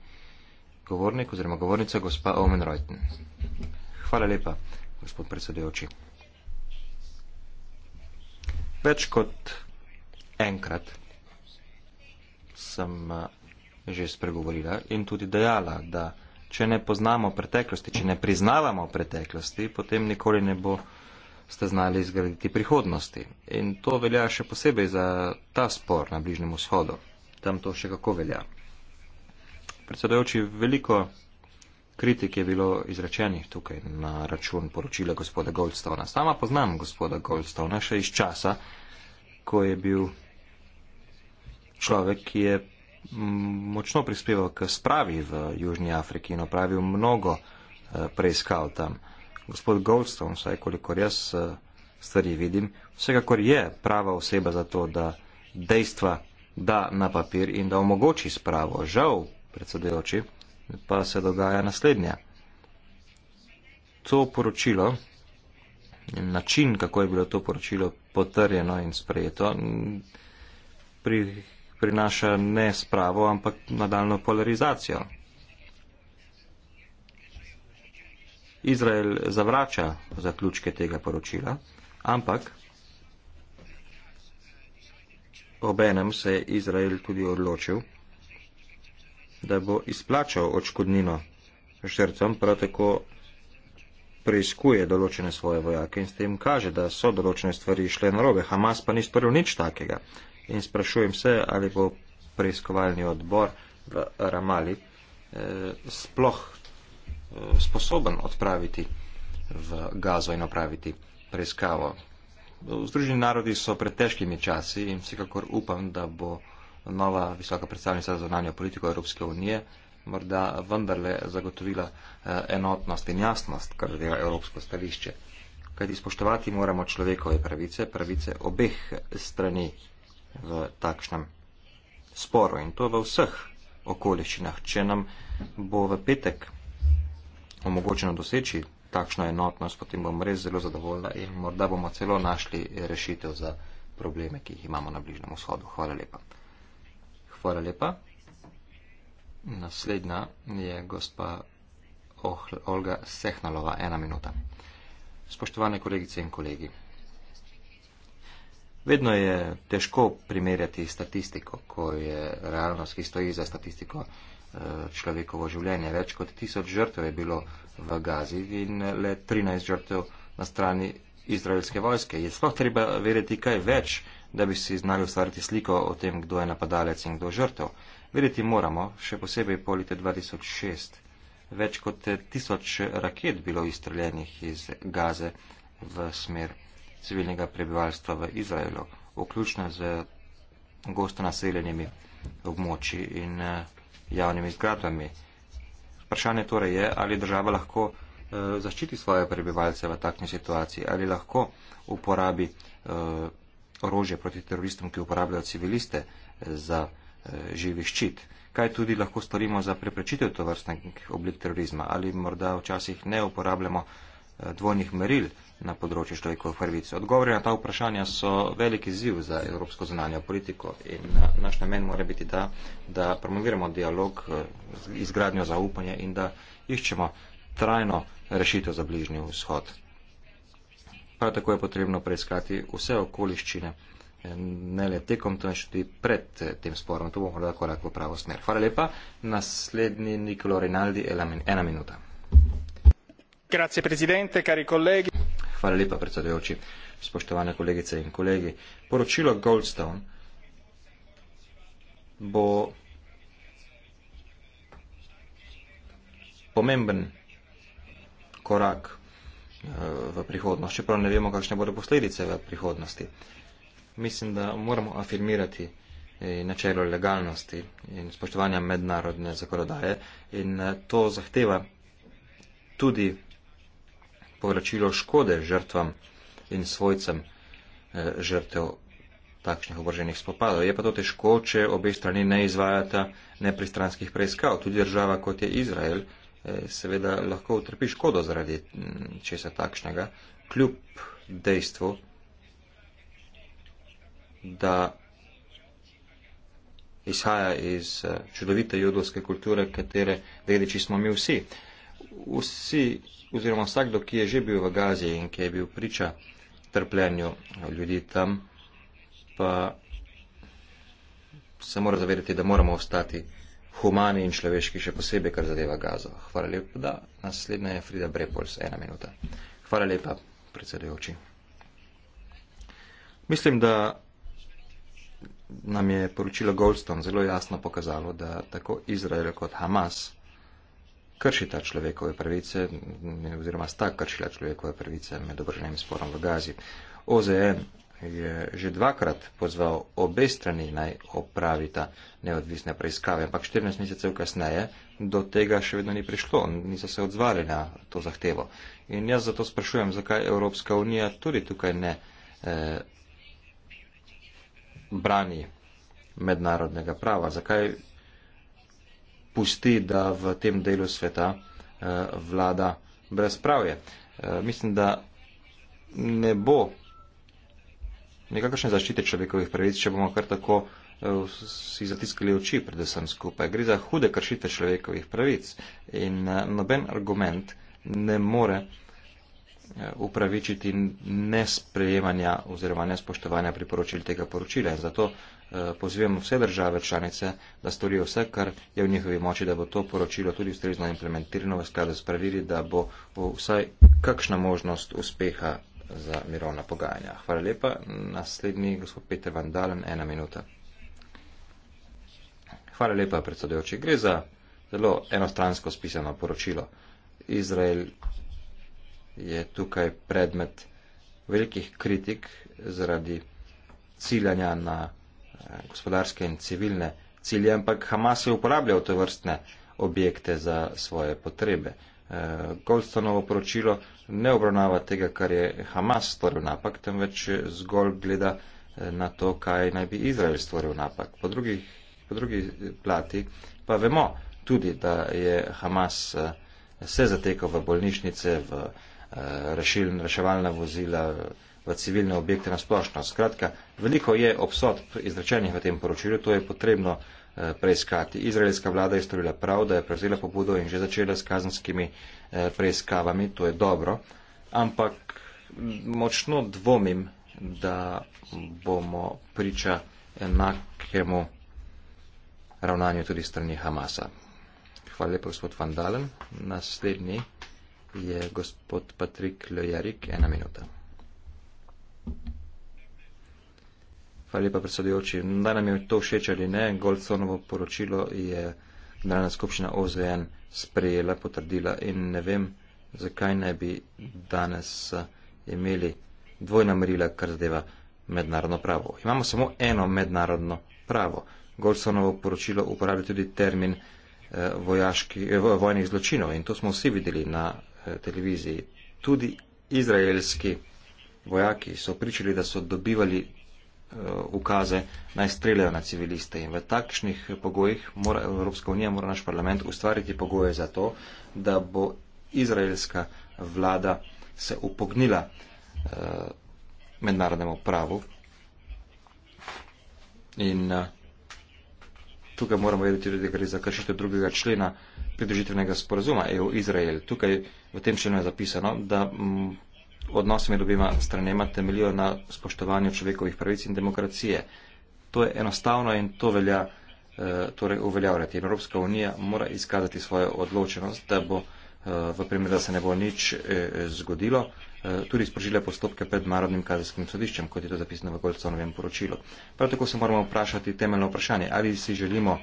govornik oziroma govornica, gospa Omen Reuten. Hvala lepa, gospod predsedujoči. Več kot enkrat sem eh, že spregovorila in tudi dejala, da če ne poznamo preteklosti, če ne priznavamo preteklosti, potem nikoli ne bo ste znali izgraditi prihodnosti. In to velja še posebej za ta spor na Bližnjem vzhodu. Tam to še kako velja. Predsedujoči, veliko kritik je bilo izrečenih tukaj na račun poročila gospoda Goldstona. Sama poznam gospoda Goldstona še iz časa, ko je bil človek, ki je močno prispeval k spravi v Južnji Afriki in opravil mnogo eh, preiskav tam. Gospod Goldstone, vsaj kolikor jaz eh, stvari vidim, vsekakor je prava oseba za to, da dejstva da na papir in da omogoči spravo. Žal, predsedujoči, pa se dogaja naslednja. To poročilo, način, kako je bilo to poročilo potrjeno in sprejeto, pri prinaša ne spravo, ampak nadaljno polarizacijo. Izrael zavrača zaključke tega poročila, ampak obenem se je Izrael tudi odločil, da bo izplačal očkodnino žrtvam, prav tako preizkuje določene svoje vojake in s tem kaže, da so določene stvari šle narobe. Hamas pa ni storil nič takega in sprašujem se, ali bo preiskovalni odbor v Ramali eh, sploh eh, sposoben odpraviti v Gazo in opraviti preiskavo. Združeni narodi so pred težkimi časi in vsekakor upam, da bo nova visoka predstavnica za zunanjo politiko Evropske unije morda vendarle zagotovila eh, enotnost in jasnost, kar zadeva evropsko stališče. Kajti spoštovati moramo človekove pravice, pravice obeh strani v takšnem sporu in to v vseh okoliščinah. Če nam bo v petek omogočeno doseči takšno enotnost, potem bom res zelo zadovoljna in morda bomo celo našli rešitev za probleme, ki jih imamo na Bližnem vzhodu. Hvala lepa. Hvala lepa. Naslednja je gospa Olga Sehnalova, ena minuta. Spoštovane kolegice in kolegi. Vedno je težko primerjati statistiko, ko je realnost, ki stoji za statistiko eh, človekovo življenje. Več kot tisoč žrtev je bilo v Gazi in le 13 žrtev na strani izraelske vojske. Je sploh treba verjeti kaj več, da bi si znali ustvariti sliko o tem, kdo je napadalec in kdo žrtev. Verjeti moramo, še posebej po letu 2006. Več kot tisoč raket bilo izstreljenih iz Gaze v smer civilnega prebivalstva v Izraelu, vključno z gosto naseljenimi območji in eh, javnimi zgradbami. Vprašanje torej je, ali država lahko eh, zaščiti svoje prebivalce v takšni situaciji, ali lahko uporabi eh, orožje proti teroristom, ki uporabljajo civiliste za živi ščit. Kaj tudi lahko storimo za preprečitev to vrstnih oblik terorizma? Ali morda včasih ne uporabljamo dvojnih meril? na področju človekove prvice. Odgovori na ta vprašanja so veliki ziv za evropsko zunanjo politiko in eh, naš namen mora biti ta, da promoviramo dialog, eh, izgradnjo zaupanja in da iščemo trajno rešitev za bližnji vzhod. Prav tako je potrebno preiskati vse okoliščine, eh, ne le tekom, temveč tudi pred tem sporom. To bo morda korak v pravo smer. Hvala lepa. Naslednji Nikolo Rinaldi, ena minuta. Grazie, presidente, cari colleghi. Hvala lepa, predsedujoči. Spoštovane kolegice in kolegi. Poročilo Goldstone bo pomemben korak eh, v prihodnost, čeprav ne vemo, kakšne bodo posledice v prihodnosti. Mislim, da moramo afirmirati eh, načelo legalnosti in spoštovanja mednarodne zakonodaje in eh, to zahteva tudi povračilo škode žrtvam in svojcem eh, žrtev takšnih oboroženih spopadov. Je pa to težko, če obe strani ne izvajata nepristranskih preiskav. Tudi država, kot je Izrael, eh, seveda lahko utrpi škodo zaradi mm, česa takšnega, kljub dejstvu, da izhaja iz eh, čudovite judovske kulture, katere dediči smo mi vsi. Vsi oziroma vsakdo, ki je že bil v Gazi in ki je bil priča trpljenju ljudi tam, pa se mora zavedati, da moramo ostati humani in človeški, še posebej, kar zadeva Gazo. Hvala lepa, da naslednja je Frida Brepols, ena minuta. Hvala lepa, predsedujoči. Mislim, da nam je poročilo Goldstone zelo jasno pokazalo, da tako Izrael kot Hamas kršita človekove pravice oziroma sta kršila človekove pravice med oboženim sporom v Gazi. OZN je že dvakrat pozval obe strani naj opravita neodvisne preiskave, ampak 14 mesecev kasneje do tega še vedno ni prišlo, niso se odzvali na to zahtevo. In jaz zato sprašujem, zakaj Evropska unija tudi tukaj ne eh, brani mednarodnega prava, zakaj pusti, da v tem delu sveta eh, vlada brezpravje. Eh, mislim, da ne bo nekakšne zaščite človekovih pravic, če bomo kar tako eh, si zatiskali oči predvsem skupaj. Gre za hude kršite človekovih pravic in noben argument ne more upravičiti nesprejemanja oziroma nespoštovanja priporočil tega poročila. Zato Eh, pozivamo vse države članice, da storijo vse, kar je v njihovi moči, da bo to poročilo tudi ustrezno implementirano v skladu s pravili, da bo vsaj kakšna možnost uspeha za mirovna pogajanja. Hvala lepa. Naslednji gospod Peter Vandalen, ena minuta. Hvala lepa, predsedujoči. Gre za zelo enostransko spisano poročilo. Izrael je tukaj predmet velikih kritik zaradi ciljanja na gospodarske in civilne cilje, ampak Hamas je uporabljal te vrstne objekte za svoje potrebe. Eh, Goldstonovo poročilo ne obravnava tega, kar je Hamas stvoril napak, temveč zgolj gleda eh, na to, kaj naj bi Izrael stvoril napak. Po, drugih, po drugi plati pa vemo tudi, da je Hamas eh, se zatekal v bolnišnice, v rešil, reševalna vozila, v civilne objekte na splošno. Skratka, veliko je obsod izrečenih v tem poročilu, to je potrebno eh, preiskati. Izraelska vlada je storila prav, da je prevzela pobudo in že začela s kazanskimi eh, preiskavami, to je dobro, ampak močno dvomim, da bomo priča enakemu ravnanju tudi strani Hamasa. Hvala lepa, gospod Vandalen. Naslednji je gospod Patrik Lejarik, ena minuta. Hvala lepa, predsedujoči. Naj nam je to všeč ali ne, Golfsonovo poročilo je Generalna skupščina OZN sprejela, potrdila in ne vem, zakaj ne bi danes eh, imeli dvojna merila, kar zadeva mednarodno pravo. Imamo samo eno mednarodno pravo. Golfsonovo poročilo uporablja tudi termin eh, vojaški, eh, vojnih zločinov in to smo vsi videli na televiziji. Tudi izraelski vojaki so pričali, da so dobivali eh, ukaze naj streljajo na civiliste. In v takšnih pogojih mora Evropska unija, mora naš parlament ustvariti pogoje za to, da bo izraelska vlada se upognila uh, mednarodnemu pravu. In uh, tukaj moramo vedeti tudi, da gre za kršitev drugega člena pridružitvenega sporazuma EU-Izrael. Tukaj v tem členu je zapisano, da m, mm, odnosi med obima stranema temeljijo na spoštovanju človekovih pravic in demokracije. To je enostavno in to velja eh, torej uveljavljati. Evropska unija mora izkazati svojo odločenost, da bo eh, v primer, da se ne bo nič eh, zgodilo, tudi sprožila postopke pred Narodnim kazenskim sodiščem, kot je to zapisano v Goldstonovem poročilu. Prav tako se moramo vprašati temeljno vprašanje, ali si želimo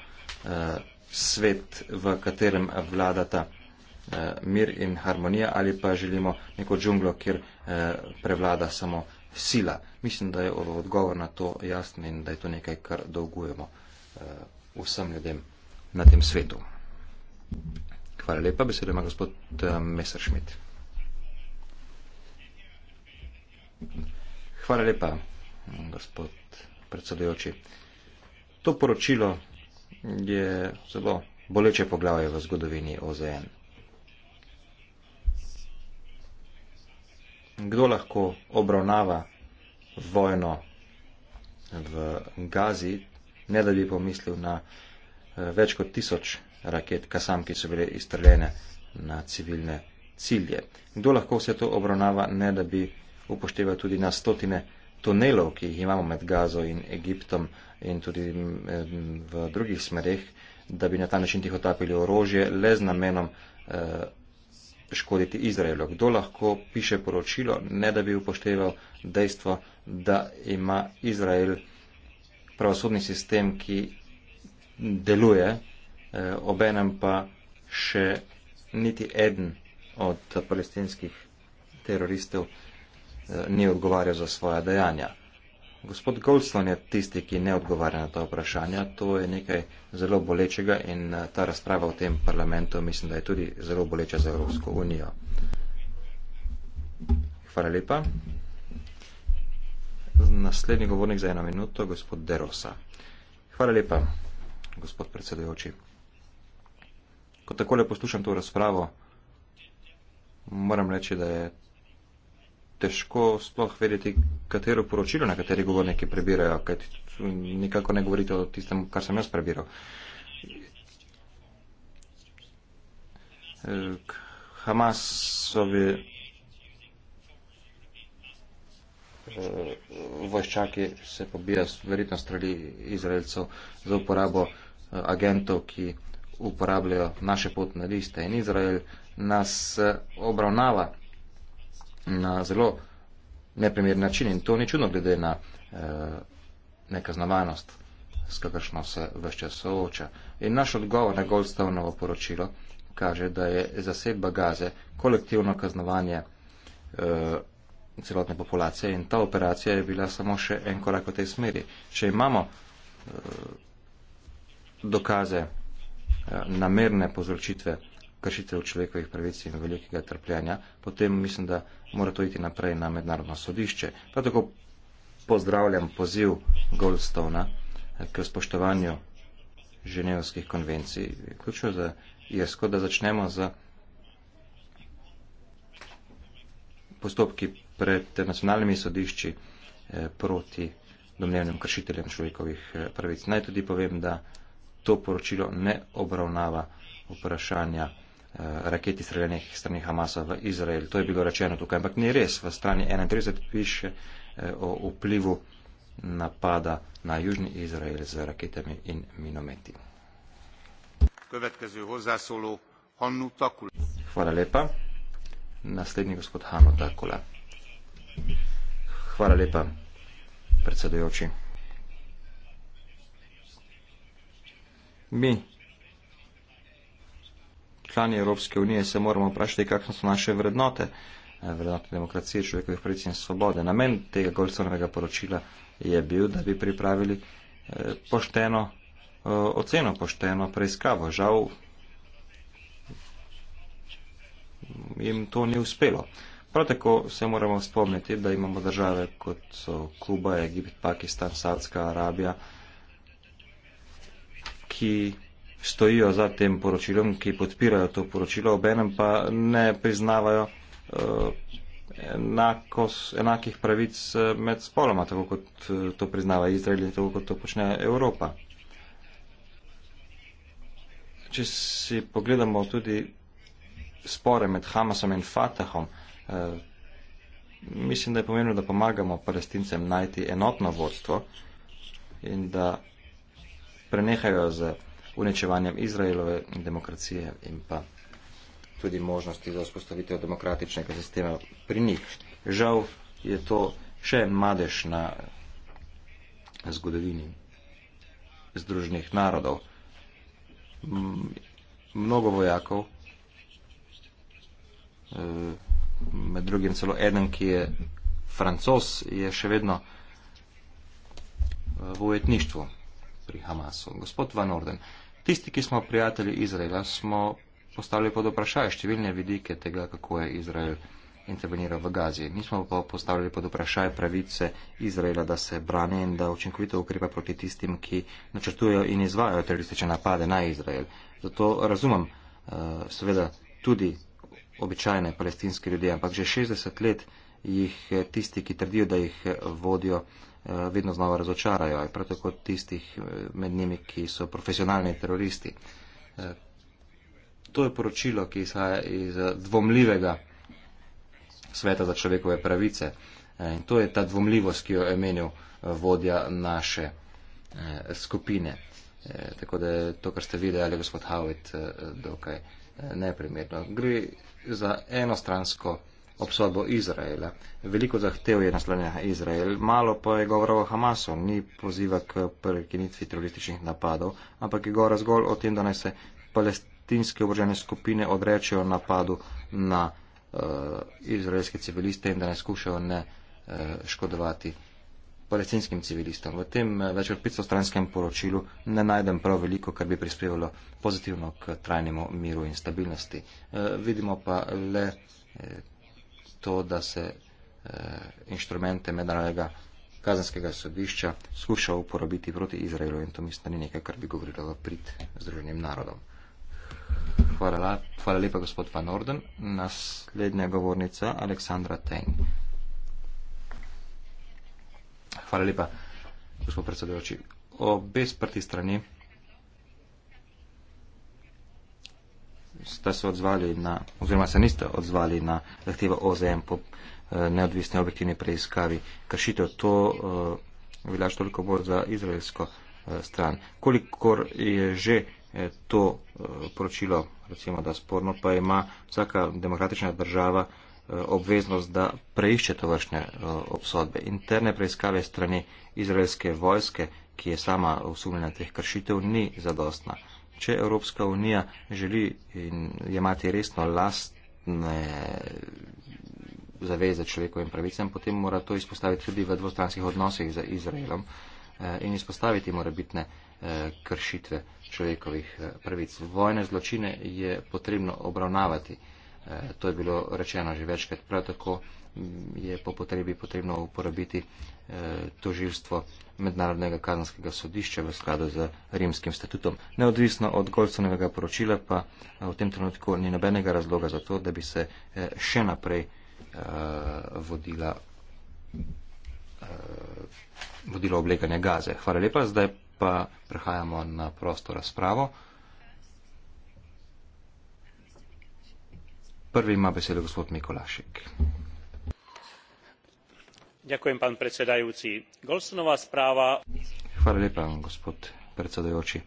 svet, v katerem vladata eh, mir in harmonija ali pa želimo neko džunglo, kjer eh, prevlada samo sila. Mislim, da je odgovor na to jasen in da je to nekaj, kar dolgujemo eh, vsem ljudem na tem svetu. Hvala lepa, besedo ima gospod eh, Messerschmidt. Hvala lepa, gospod predsedujoči. To poročilo je zelo boleče poglavje v zgodovini OZN. kdo lahko obravnava vojno v Gazi, ne da bi pomislil na eh, več kot tisoč raket kasam, ki so bile izstreljene na civilne cilje. Kdo lahko vse to obravnava, ne da bi upošteval tudi na stotine tunelov, ki jih imamo med Gazo in Egiptom in tudi eh, v drugih smereh, da bi na ta način tih otapili orožje le z namenom eh, škoditi Izraelu. Kdo lahko piše poročilo, ne da bi upošteval dejstvo, da ima Izrael pravosodni sistem, ki deluje, eh, obenem pa še niti eden od palestinskih teroristov eh, ni odgovarjal za svoja dejanja. Gospod Goldstone je tisti, ki ne odgovarja na ta vprašanja. To je nekaj zelo bolečega in eh, ta razprava v tem parlamentu mislim, da je tudi zelo boleča za Evropsko unijo. Hvala lepa. Naslednji govornik za eno minuto, gospod Derosa. Hvala lepa, gospod predsedujoči. Ko takole poslušam to razpravo, moram reči, da je težko sploh vedeti, katero poročilo nekateri govorniki prebirajo, kaj ti nikako ne govorite o tistem, kar sem jaz prebiral. Hamasovi eh, vojščaki se pobija verjetno strali Izraelcev za uporabo eh, agentov, ki uporabljajo naše potne liste in Izrael nas eh, obravnava na zelo neprimer način in to ni čudno glede na eh, nekaznovanost, s kakršno se vse čas sooča. In naš odgovor na Goldstavnovo poročilo kaže, da je zasedba gaze kolektivno kaznovanje eh, celotne populacije in ta operacija je bila samo še en korak v tej smeri. Če imamo eh, dokaze eh, namerne povzročitve, kršitev človekovih pravic in velikega trpljenja, potem mislim, da mora to iti naprej na mednarodno sodišče. Prav tako pozdravljam poziv Goldstona k spoštovanju ženevskih konvencij, vključno za Irsko, da začnemo z postopki pred nacionalnimi sodišči eh, proti domnevnim kršiteljem človekovih eh, pravic. Naj tudi povem, da to poročilo ne obravnava vprašanja Eh, raketi streljenih strani Hamasa v Izrael. To je bilo rečeno tukaj, ampak ni res. V strani 31 piše eh, o vplivu napada na južni Izrael z raketami in minometi. Hvala lepa. Naslednji gospod Hanu Takula. Hvala lepa, predsedujoči. Mi člani Evropske unije, se moramo vprašati, kakšne so naše vrednote, eh, vrednote demokracije, človekovih pravic in svobode. Namen tega Goldstonovega poročila je bil, da bi pripravili eh, pošteno eh, oceno, pošteno preiskavo. Žal jim to ni uspelo. Prav tako se moramo spomniti, da imamo države kot so Kuba, Egipt, Pakistan, Saudska Arabija, ki stojijo za tem poročilom, ki podpirajo to poročilo, obenem pa ne priznavajo eh, enakos, enakih pravic eh, med spoloma, tako kot eh, to priznava Izrael in tako kot to počne Evropa. Če si pogledamo tudi spore med Hamasom in Fatahom, mislim, da je pomembno, da pomagamo palestincem najti enotno vodstvo in da prenehajo za unečevanjem Izraelove demokracije in pa tudi možnosti za vzpostavitev demokratičnega sistema pri njih. Žal je to še madež na zgodovini Združenih narodov. Mnogo vojakov, eh, med drugim celo eden, ki je francos, je še vedno eh, v ujetništvu pri Hamasu. Gospod Van Orden, Tisti, ki smo prijatelji Izraela, smo postavili pod vprašaj številne vidike tega, kako je Izrael interveniral v Gazi. Nismo pa postavili pod vprašaj pravice Izraela, da se brani in da učinkovito ukrepa proti tistim, ki načrtujejo in izvajo teroristične napade na Izrael. Zato razumem eh, seveda tudi običajne palestinske ljudi, ampak že 60 let jih eh, tisti, ki trdijo, da jih eh, vodijo, Eh, vedno znova razočarajo, prav tako tistih eh, med njimi, ki so profesionalni teroristi. Eh, to je poročilo, ki izhaja iz dvomljivega sveta za človekove pravice. In to je ta dvomljivost, ki jo je menil vodja naše skupine. Tako da je to, kar ste videli, ali gospod Howitt, dokaj neprimerno. Gre za enostransko obsodbo Izraela. Veliko zahtev je naslanja Izrael, malo pa je govora o Hamasu, ni poziva k prekinitvi terorističnih napadov, ampak je govora zgolj o tem, da naj se palestinske obrožene skupine odrečejo napadu na uh, izraelske civiliste in da naj skušajo ne uh, škodovati palestinskim civilistom. V tem eh, več kot 500 stranskem poročilu ne najdem prav veliko, kar bi prispevalo pozitivno k trajnemu miru in stabilnosti. E, vidimo pa le e, to, da se eh, inštrumente mednarodnega kazenskega sodišča skuša uporabiti proti Izraelu in to mislim, da ni nekaj, kar bi govorilo v prid Združenim narodom. Hvala, hvala lepa, gospod Van Orden. Naslednja govornica, Aleksandra Teng. Hvala lepa, gospod predsedujoči. Obe sprti strani. ste se odzvali na, oziroma se niste odzvali na zahtevo OZM po eh, neodvisni objektivni preiskavi kršitev. To uh, eh, veljaš toliko bolj za izraelsko uh, stran. Kolikor je že to uh, poročilo, recimo da sporno, pa ima vsaka demokratična država obveznost, da preišče to vršne obsodbe. Interne preiskave strani izraelske vojske, ki je sama usumljena teh kršitev, ni zadostna če Evropska unija želi jemati resno lastne zaveze človekovim pravicam, potem mora to izpostaviti tudi v dvostranskih odnosih z Izraelom eh, in izpostaviti morebitne eh, kršitve človekovih eh, pravic. Vojne zločine je potrebno obravnavati. To je bilo rečeno že večkrat. Prav tako je po potrebi potrebno uporabiti eh, toživstvo Mednarodnega kazanskega sodišča v skladu z rimskim statutom. Neodvisno od Goldstonevega poročila pa eh, v tem trenutku ni nobenega razloga za to, da bi se eh, še naprej vodila, vodila obleganje gaze. Hvala lepa, zdaj pa prehajamo na prosto razpravo. Prvi ima besedo gospod Mikolašek goldsonova správa. hvala lepa gospod predsedujoči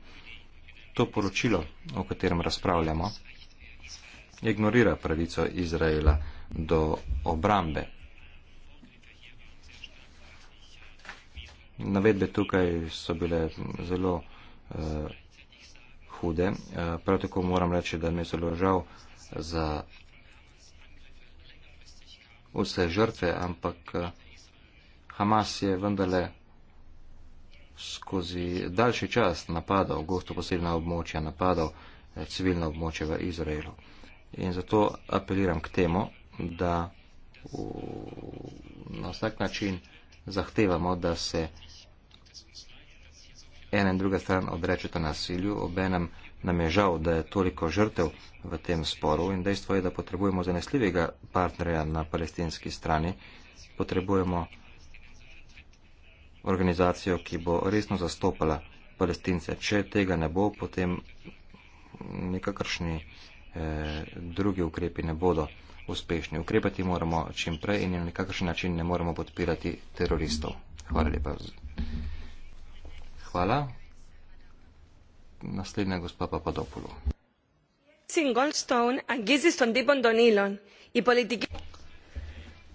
to poročilo o katerem razpravljamo ignorira pravico izraela do obrambe navedbe tukaj so bile zelo uh, hude uh, prav tako moram reči da mi je zelo žal za vse žrtve ampak uh, Hamas je vendarle skozi daljši čas napadal, gosto posebna območja napadal eh, civilna območja v Izraelu. In zato apeliram k temu, da v, na vsak način zahtevamo, da se ena in druga stran odrečeta nasilju, obenem nam je žal, da je toliko žrtev v tem sporu in dejstvo je, da potrebujemo zanesljivega partnerja na palestinski strani, potrebujemo organizacijo, ki bo resno zastopala palestince. Če tega ne bo, potem nekakršni eh, drugi ukrepi ne bodo uspešni. Ukrepati moramo čim prej in na nekakršen način ne moremo podpirati teroristov. Hvala lepa. Hvala. Naslednja gospa Papadopoulou.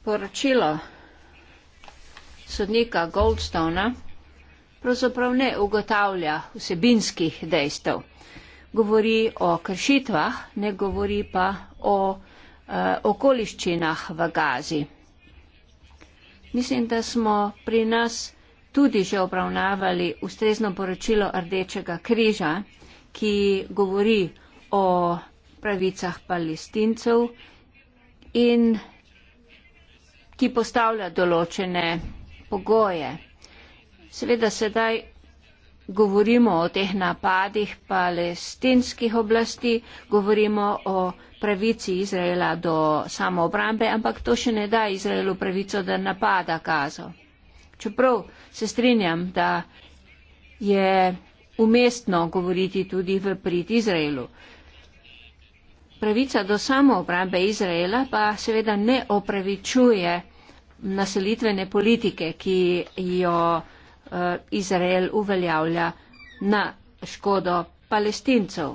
Poročilo sodnika Goldstona pravzaprav ne ugotavlja vsebinskih dejstev. Govori o kršitvah, ne govori pa o e, okoliščinah v Gazi. Mislim, da smo pri nas tudi že obravnavali ustrezno poročilo Rdečega križa, ki govori o pravicah palestincev in ki postavlja določene pogoje. Seveda sedaj govorimo o teh napadih palestinskih oblasti, govorimo o pravici Izraela do samoobrambe, ampak to še ne da Izraelu pravico, da napada Gazo. Čeprav se strinjam, da je umestno govoriti tudi v prid Izraelu. Pravica do samoobrambe Izraela pa seveda ne opravičuje naselitvene politike, ki jo eh, Izrael uveljavlja na škodo palestincev.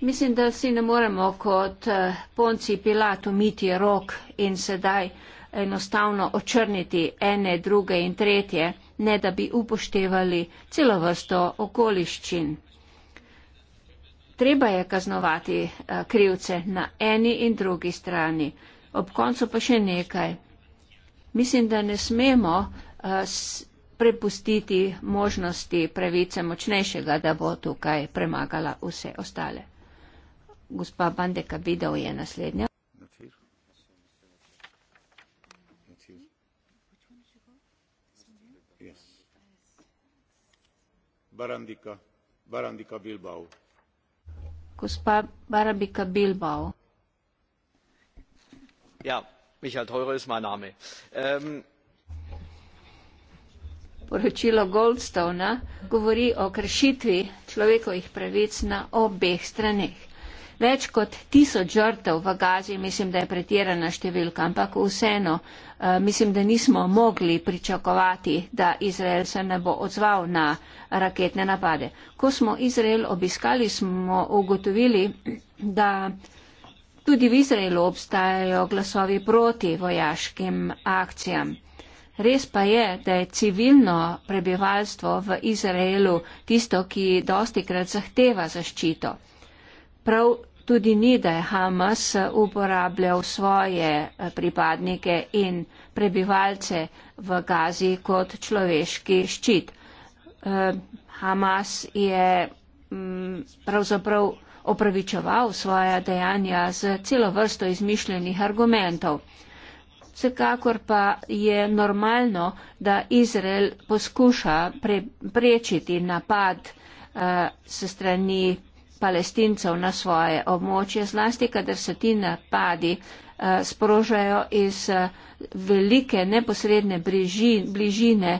Mislim, da si ne moremo kot eh, ponci Pilat umiti rok in sedaj enostavno očrniti ene, druge in tretje, ne da bi upoštevali celo vrsto okoliščin. Treba je kaznovati eh, krivce na eni in drugi strani. Ob koncu pa še nekaj. Mislim, da ne smemo eh, prepustiti možnosti pravice močnejšega, da bo tukaj premagala vse ostale. Gospa Bandeka Bidov je naslednja. Barandika, Barandika Bilbao. Gospa Barabika Bilbao. Ja, ähm, poročilo goldstona govori o kršitvi človekovih pravic na obeh straneh več kot tisoč žrtev v gazi mislim da je pretirana številka ampak vseeno eh, mislim da nismo mogli pričakovati da izrael se ne bo odzval na raketne napade ko smo izrael obiskali smo ugotovili da Tudi v Izraelu obstajajo glasovi proti vojaškim akcijam. Res pa je, da je civilno prebivalstvo v Izraelu tisto, ki dostikrat zahteva zaščito. Prav tudi ni, da je Hamas uporabljal svoje eh, pripadnike in prebivalce v Gazi kot človeški ščit. Eh, Hamas je mm, pravzaprav opravičeval svoja dejanja z celo vrsto izmišljenih argumentov. Vsekakor pa je normalno, da Izrael poskuša preprečiti napad uh, eh, se strani palestincev na svoje območje, zlasti, kadar se ti napadi uh, sprožajo iz uh, velike neposredne briži, bližine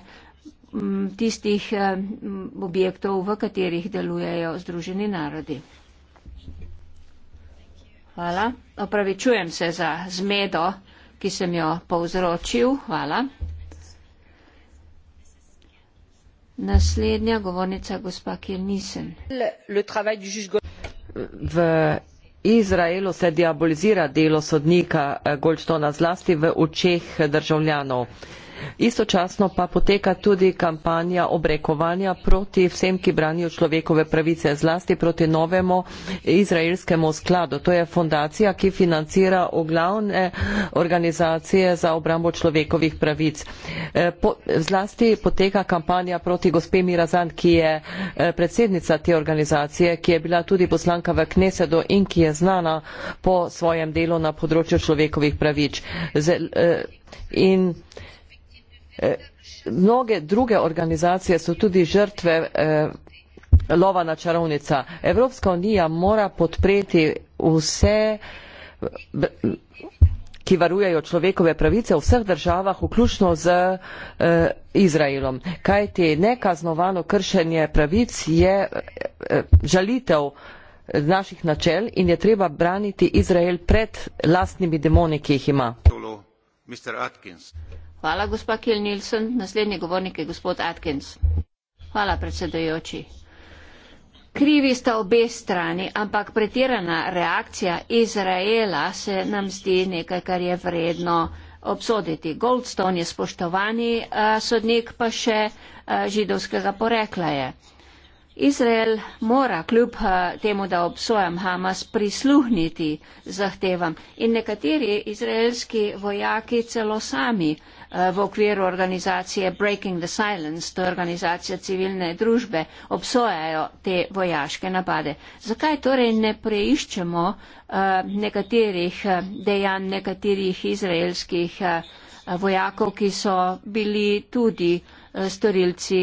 um, tistih um, objektov, v katerih delujejo Združeni narodi. Hvala. Opravičujem se za zmedo, ki sem jo povzročil. Hvala. Naslednja govornica, gospa Kirnisen. V Izraelu se diabolizira delo sodnika eh, Goldstona zlasti v očeh državljanov istočasno pa poteka tudi kampanja obrekovanja proti vsem, ki branijo človekove pravice, zlasti proti novemu izraelskemu skladu. To je fundacija, ki financira oglavne organizacije za obrambo človekovih pravic. E, zlasti poteka kampanja proti gospe Mirazan, ki je e, predsednica te organizacije, ki je bila tudi poslanka v Knesedu in ki je znana po svojem delu na področju človekovih pravic. Zel, e, Eh, mnoge druge organizacije so tudi žrtve eh, lova na čarovnica. Evropska unija mora podpreti vse eh, ki varujejo človekove pravice v vseh državah, vključno z eh, Izraelom. Kajti nekaznovano kršenje pravic je eh, žalitev naših načel in je treba braniti Izrael pred lastnimi demoni, ki jih ima. Hvala, gospa Kiel Nilsen. Naslednji govornik je gospod Atkins. Hvala, predsedujoči. Krivi sta obe strani, ampak pretirana reakcija Izraela se nam zdi nekaj, kar je vredno obsoditi. Goldstone je spoštovani eh, sodnik, pa še eh, židovskega porekla je. Izrael mora kljub eh, temu, da obsojam Hamas, prisluhniti zahtevam. In nekateri izraelski vojaki celo sami Eh, v okviru organizacije Breaking the Silence, to je organizacija civilne družbe, obsojajo te vojaške napade. Zakaj torej ne preiščemo eh, nekaterih eh, dejanj, nekaterih izraelskih vojakov, ki so bili tudi storilci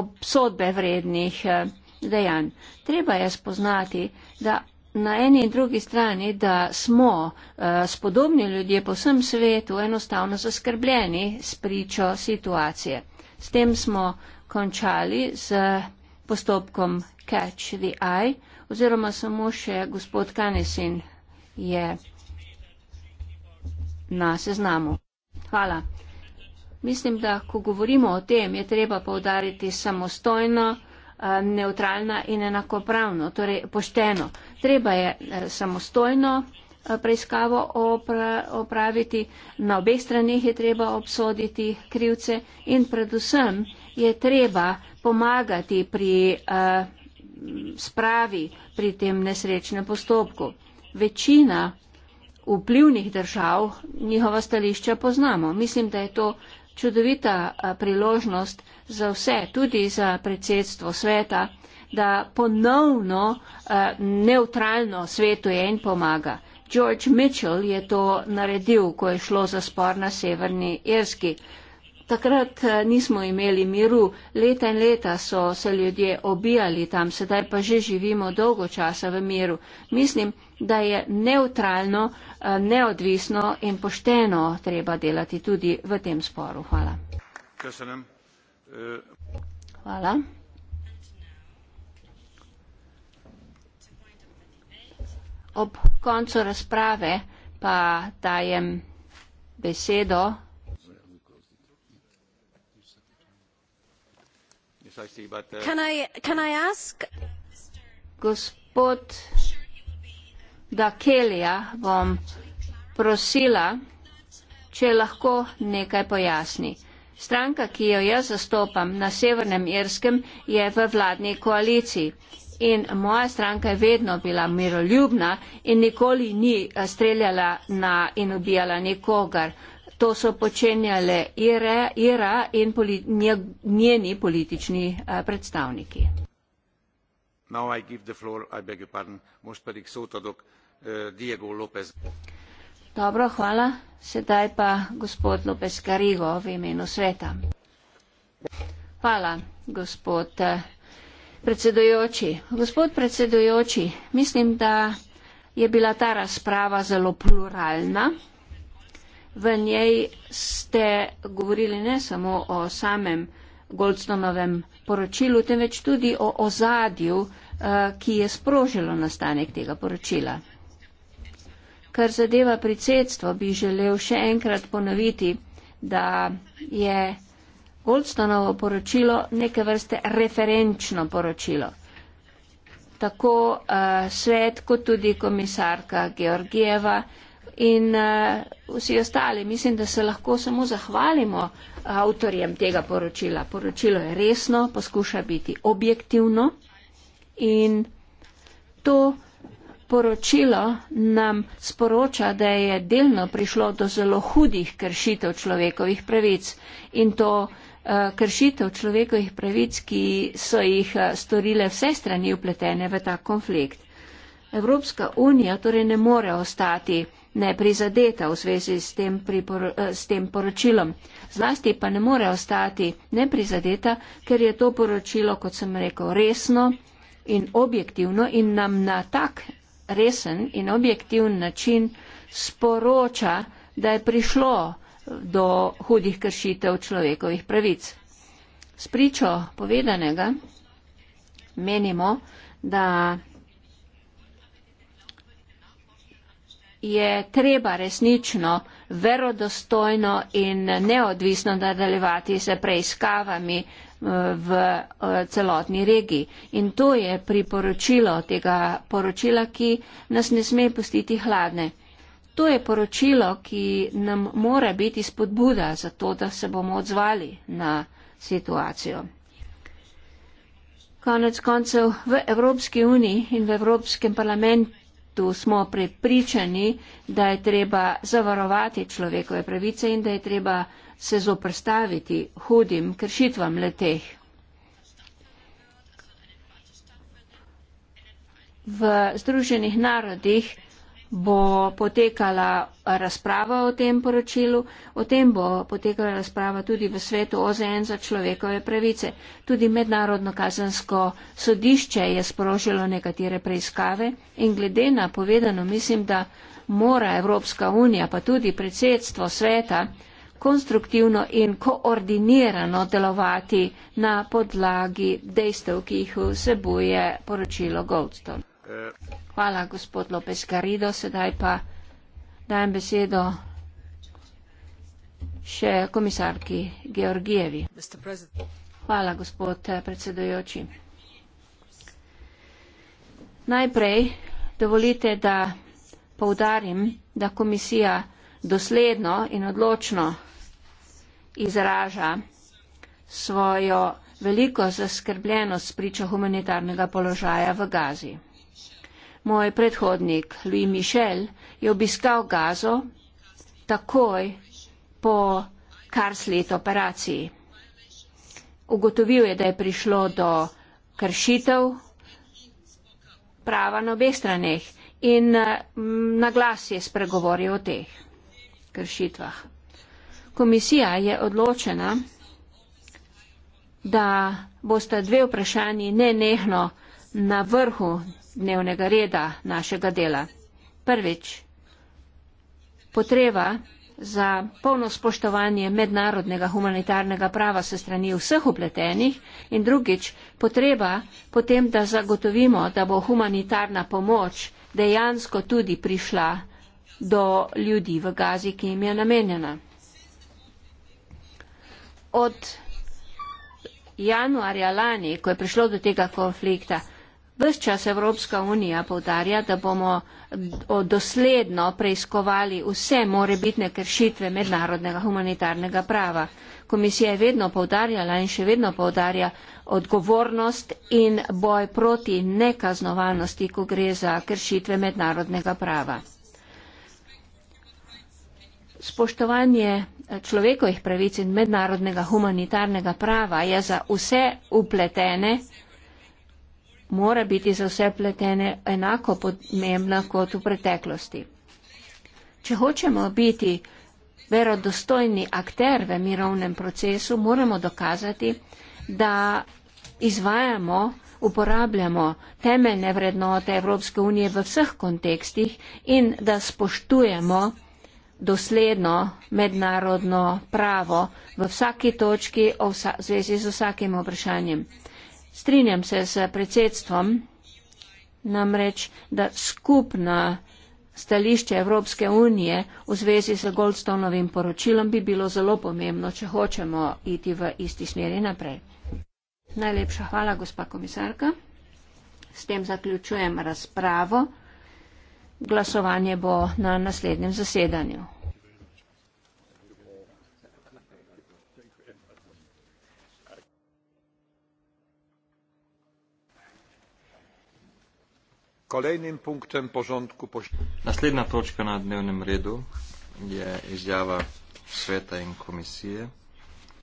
obsodbe vrednih dejanj? Treba je spoznati, da na eni in drugi strani, da smo uh, spodobni ljudje po vsem svetu enostavno zaskrbljeni s pričo situacije. S tem smo končali z postopkom Catch the Eye, oziroma samo še gospod Kanesin je na seznamu. Hvala. Mislim, da ko govorimo o tem, je treba povdariti samostojno, eh, neutralno in enakopravno, torej pošteno treba je eh, samostojno eh, preiskavo opraviti, na obeh stranih je treba obsoditi krivce in predvsem je treba pomagati pri eh, spravi pri tem nesrečnem postopku. Večina vplivnih držav, njihova stališča poznamo. Mislim, da je to čudovita priložnost za vse, tudi za predsedstvo sveta da ponovno uh, eh, neutralno svetuje in pomaga. George Mitchell je to naredil, ko je šlo za spor na Severni Irski. Takrat eh, nismo imeli miru, leta in leta so se ljudje obijali tam, sedaj pa že živimo dolgo časa v miru. Mislim, da je neutralno, eh, neodvisno in pošteno treba delati tudi v tem sporu. Hvala. Hvala. ob koncu razprave pa dajem besedo Can I, can I ask? Gospod Dakelija bom prosila, če lahko nekaj pojasni. Stranka, ki jo jaz zastopam na Severnem Irskem, je v vladni koaliciji in moja stranka je vedno bila miroljubna in nikoli ni eh, streljala na in ubijala nikogar. To so počenjale Ira, Ira in poli, nje, njeni politični a, eh, predstavniki. Floor, sotodok, eh, Dobro, hvala. Sedaj pa gospod Lopez Karigo v imenu sveta. Hvala, gospod. Eh, Predsedujoči, gospod predsedujoči, mislim, da je bila ta razprava zelo pluralna. V njej ste govorili ne samo o samem Goldstonovem poročilu, temveč tudi o ozadju, eh, ki je sprožilo nastanek tega poročila. Kar zadeva predsedstvo, bi želel še enkrat ponoviti, da je Goldstonovo poročilo neke vrste referenčno poročilo. Tako uh, svet, kot tudi komisarka Georgijeva in uh, vsi ostali. Mislim, da se lahko samo zahvalimo eh, avtorjem tega poročila. Poročilo je resno, poskuša biti objektivno in to poročilo nam sporoča, da je delno prišlo do zelo hudih kršitev človekovih pravic in to Eh, kršitev človekovih pravic, ki so jih eh, storile vse strani upletene v ta konflikt. Evropska unija torej ne more ostati neprizadeta v zvezi s tem, pripor, eh, s tem poročilom. Zlasti pa ne more ostati neprizadeta, ker je to poročilo, kot sem rekel, resno in objektivno in nam na tak resen in objektivn način sporoča, da je prišlo do hudih kršitev človekovih pravic. S pričo povedanega menimo, da je treba resnično verodostojno in neodvisno nadaljevati se preiskavami eh, v eh, celotni regiji. In to je priporočilo tega poročila, ki nas ne sme pustiti hladne to je poročilo, ki nam mora biti spodbuda za to, da se bomo odzvali na situacijo. Konec koncev v Evropski uniji in v Evropskem parlamentu smo prepričani, da je treba zavarovati človekove pravice in da je treba se zoprstaviti hudim kršitvam leteh. V Združenih narodih bo potekala razprava o tem poročilu, o tem bo potekala razprava tudi v svetu OZN za človekove pravice. Tudi mednarodno kazansko sodišče je sprožilo nekatere preiskave in glede na povedano mislim, da mora Evropska unija pa tudi predsedstvo sveta konstruktivno in koordinirano delovati na podlagi dejstev, ki jih vsebuje poročilo Goldstone. Hvala, gospod Lopes Garrido. Sedaj pa dajem besedo še komisarki Georgijevi. Hvala, gospod eh, predsedujoči. Najprej dovolite, da povdarim, da komisija dosledno in odločno izraža svojo veliko zaskrbljenost pričo humanitarnega položaja v Gazi moj predhodnik Louis Michel je obiskal Gazo takoj po Karslet operaciji. Ugotovil je, da je prišlo do kršitev prava na obeh straneh in mm, na glas je spregovoril o teh kršitvah. Komisija je odločena, da bosta dve vprašanji nenehno na vrhu dnevnega reda našega dela. Prvič, potreba za polno spoštovanje mednarodnega humanitarnega prava se strani vseh upletenih in drugič, potreba potem, da zagotovimo, da bo humanitarna pomoč dejansko tudi prišla do ljudi v Gazi, ki jim je namenjena. Od januarja lani, ko je prišlo do tega konflikta, Ves čas Evropska unija povdarja, da bomo dosledno preiskovali vse morebitne kršitve mednarodnega humanitarnega prava. Komisija je vedno povdarjala in še vedno povdarja odgovornost in boj proti nekaznovanosti, ko gre za kršitve mednarodnega prava. Spoštovanje človekovih pravic in mednarodnega humanitarnega prava je za vse upletene mora biti za vse pletene enako pomembna kot v preteklosti. Če hočemo biti verodostojni akter v mirovnem procesu, moramo dokazati, da izvajamo, uporabljamo temeljne vrednote Evropske unije v vseh kontekstih in da spoštujemo dosledno mednarodno pravo v vsaki točki, v zvezi z vsakim vprašanjem. Strinjam se s predsedstvom, namreč, da skupna stališče Evropske unije v zvezi z Goldstonovim poročilom bi bilo zelo pomembno, če hočemo iti v isti smeri naprej. Najlepša hvala, gospa komisarka. S tem zaključujem razpravo. Glasovanje bo na naslednjem zasedanju. kolejnym punktem porządku posiedzenia.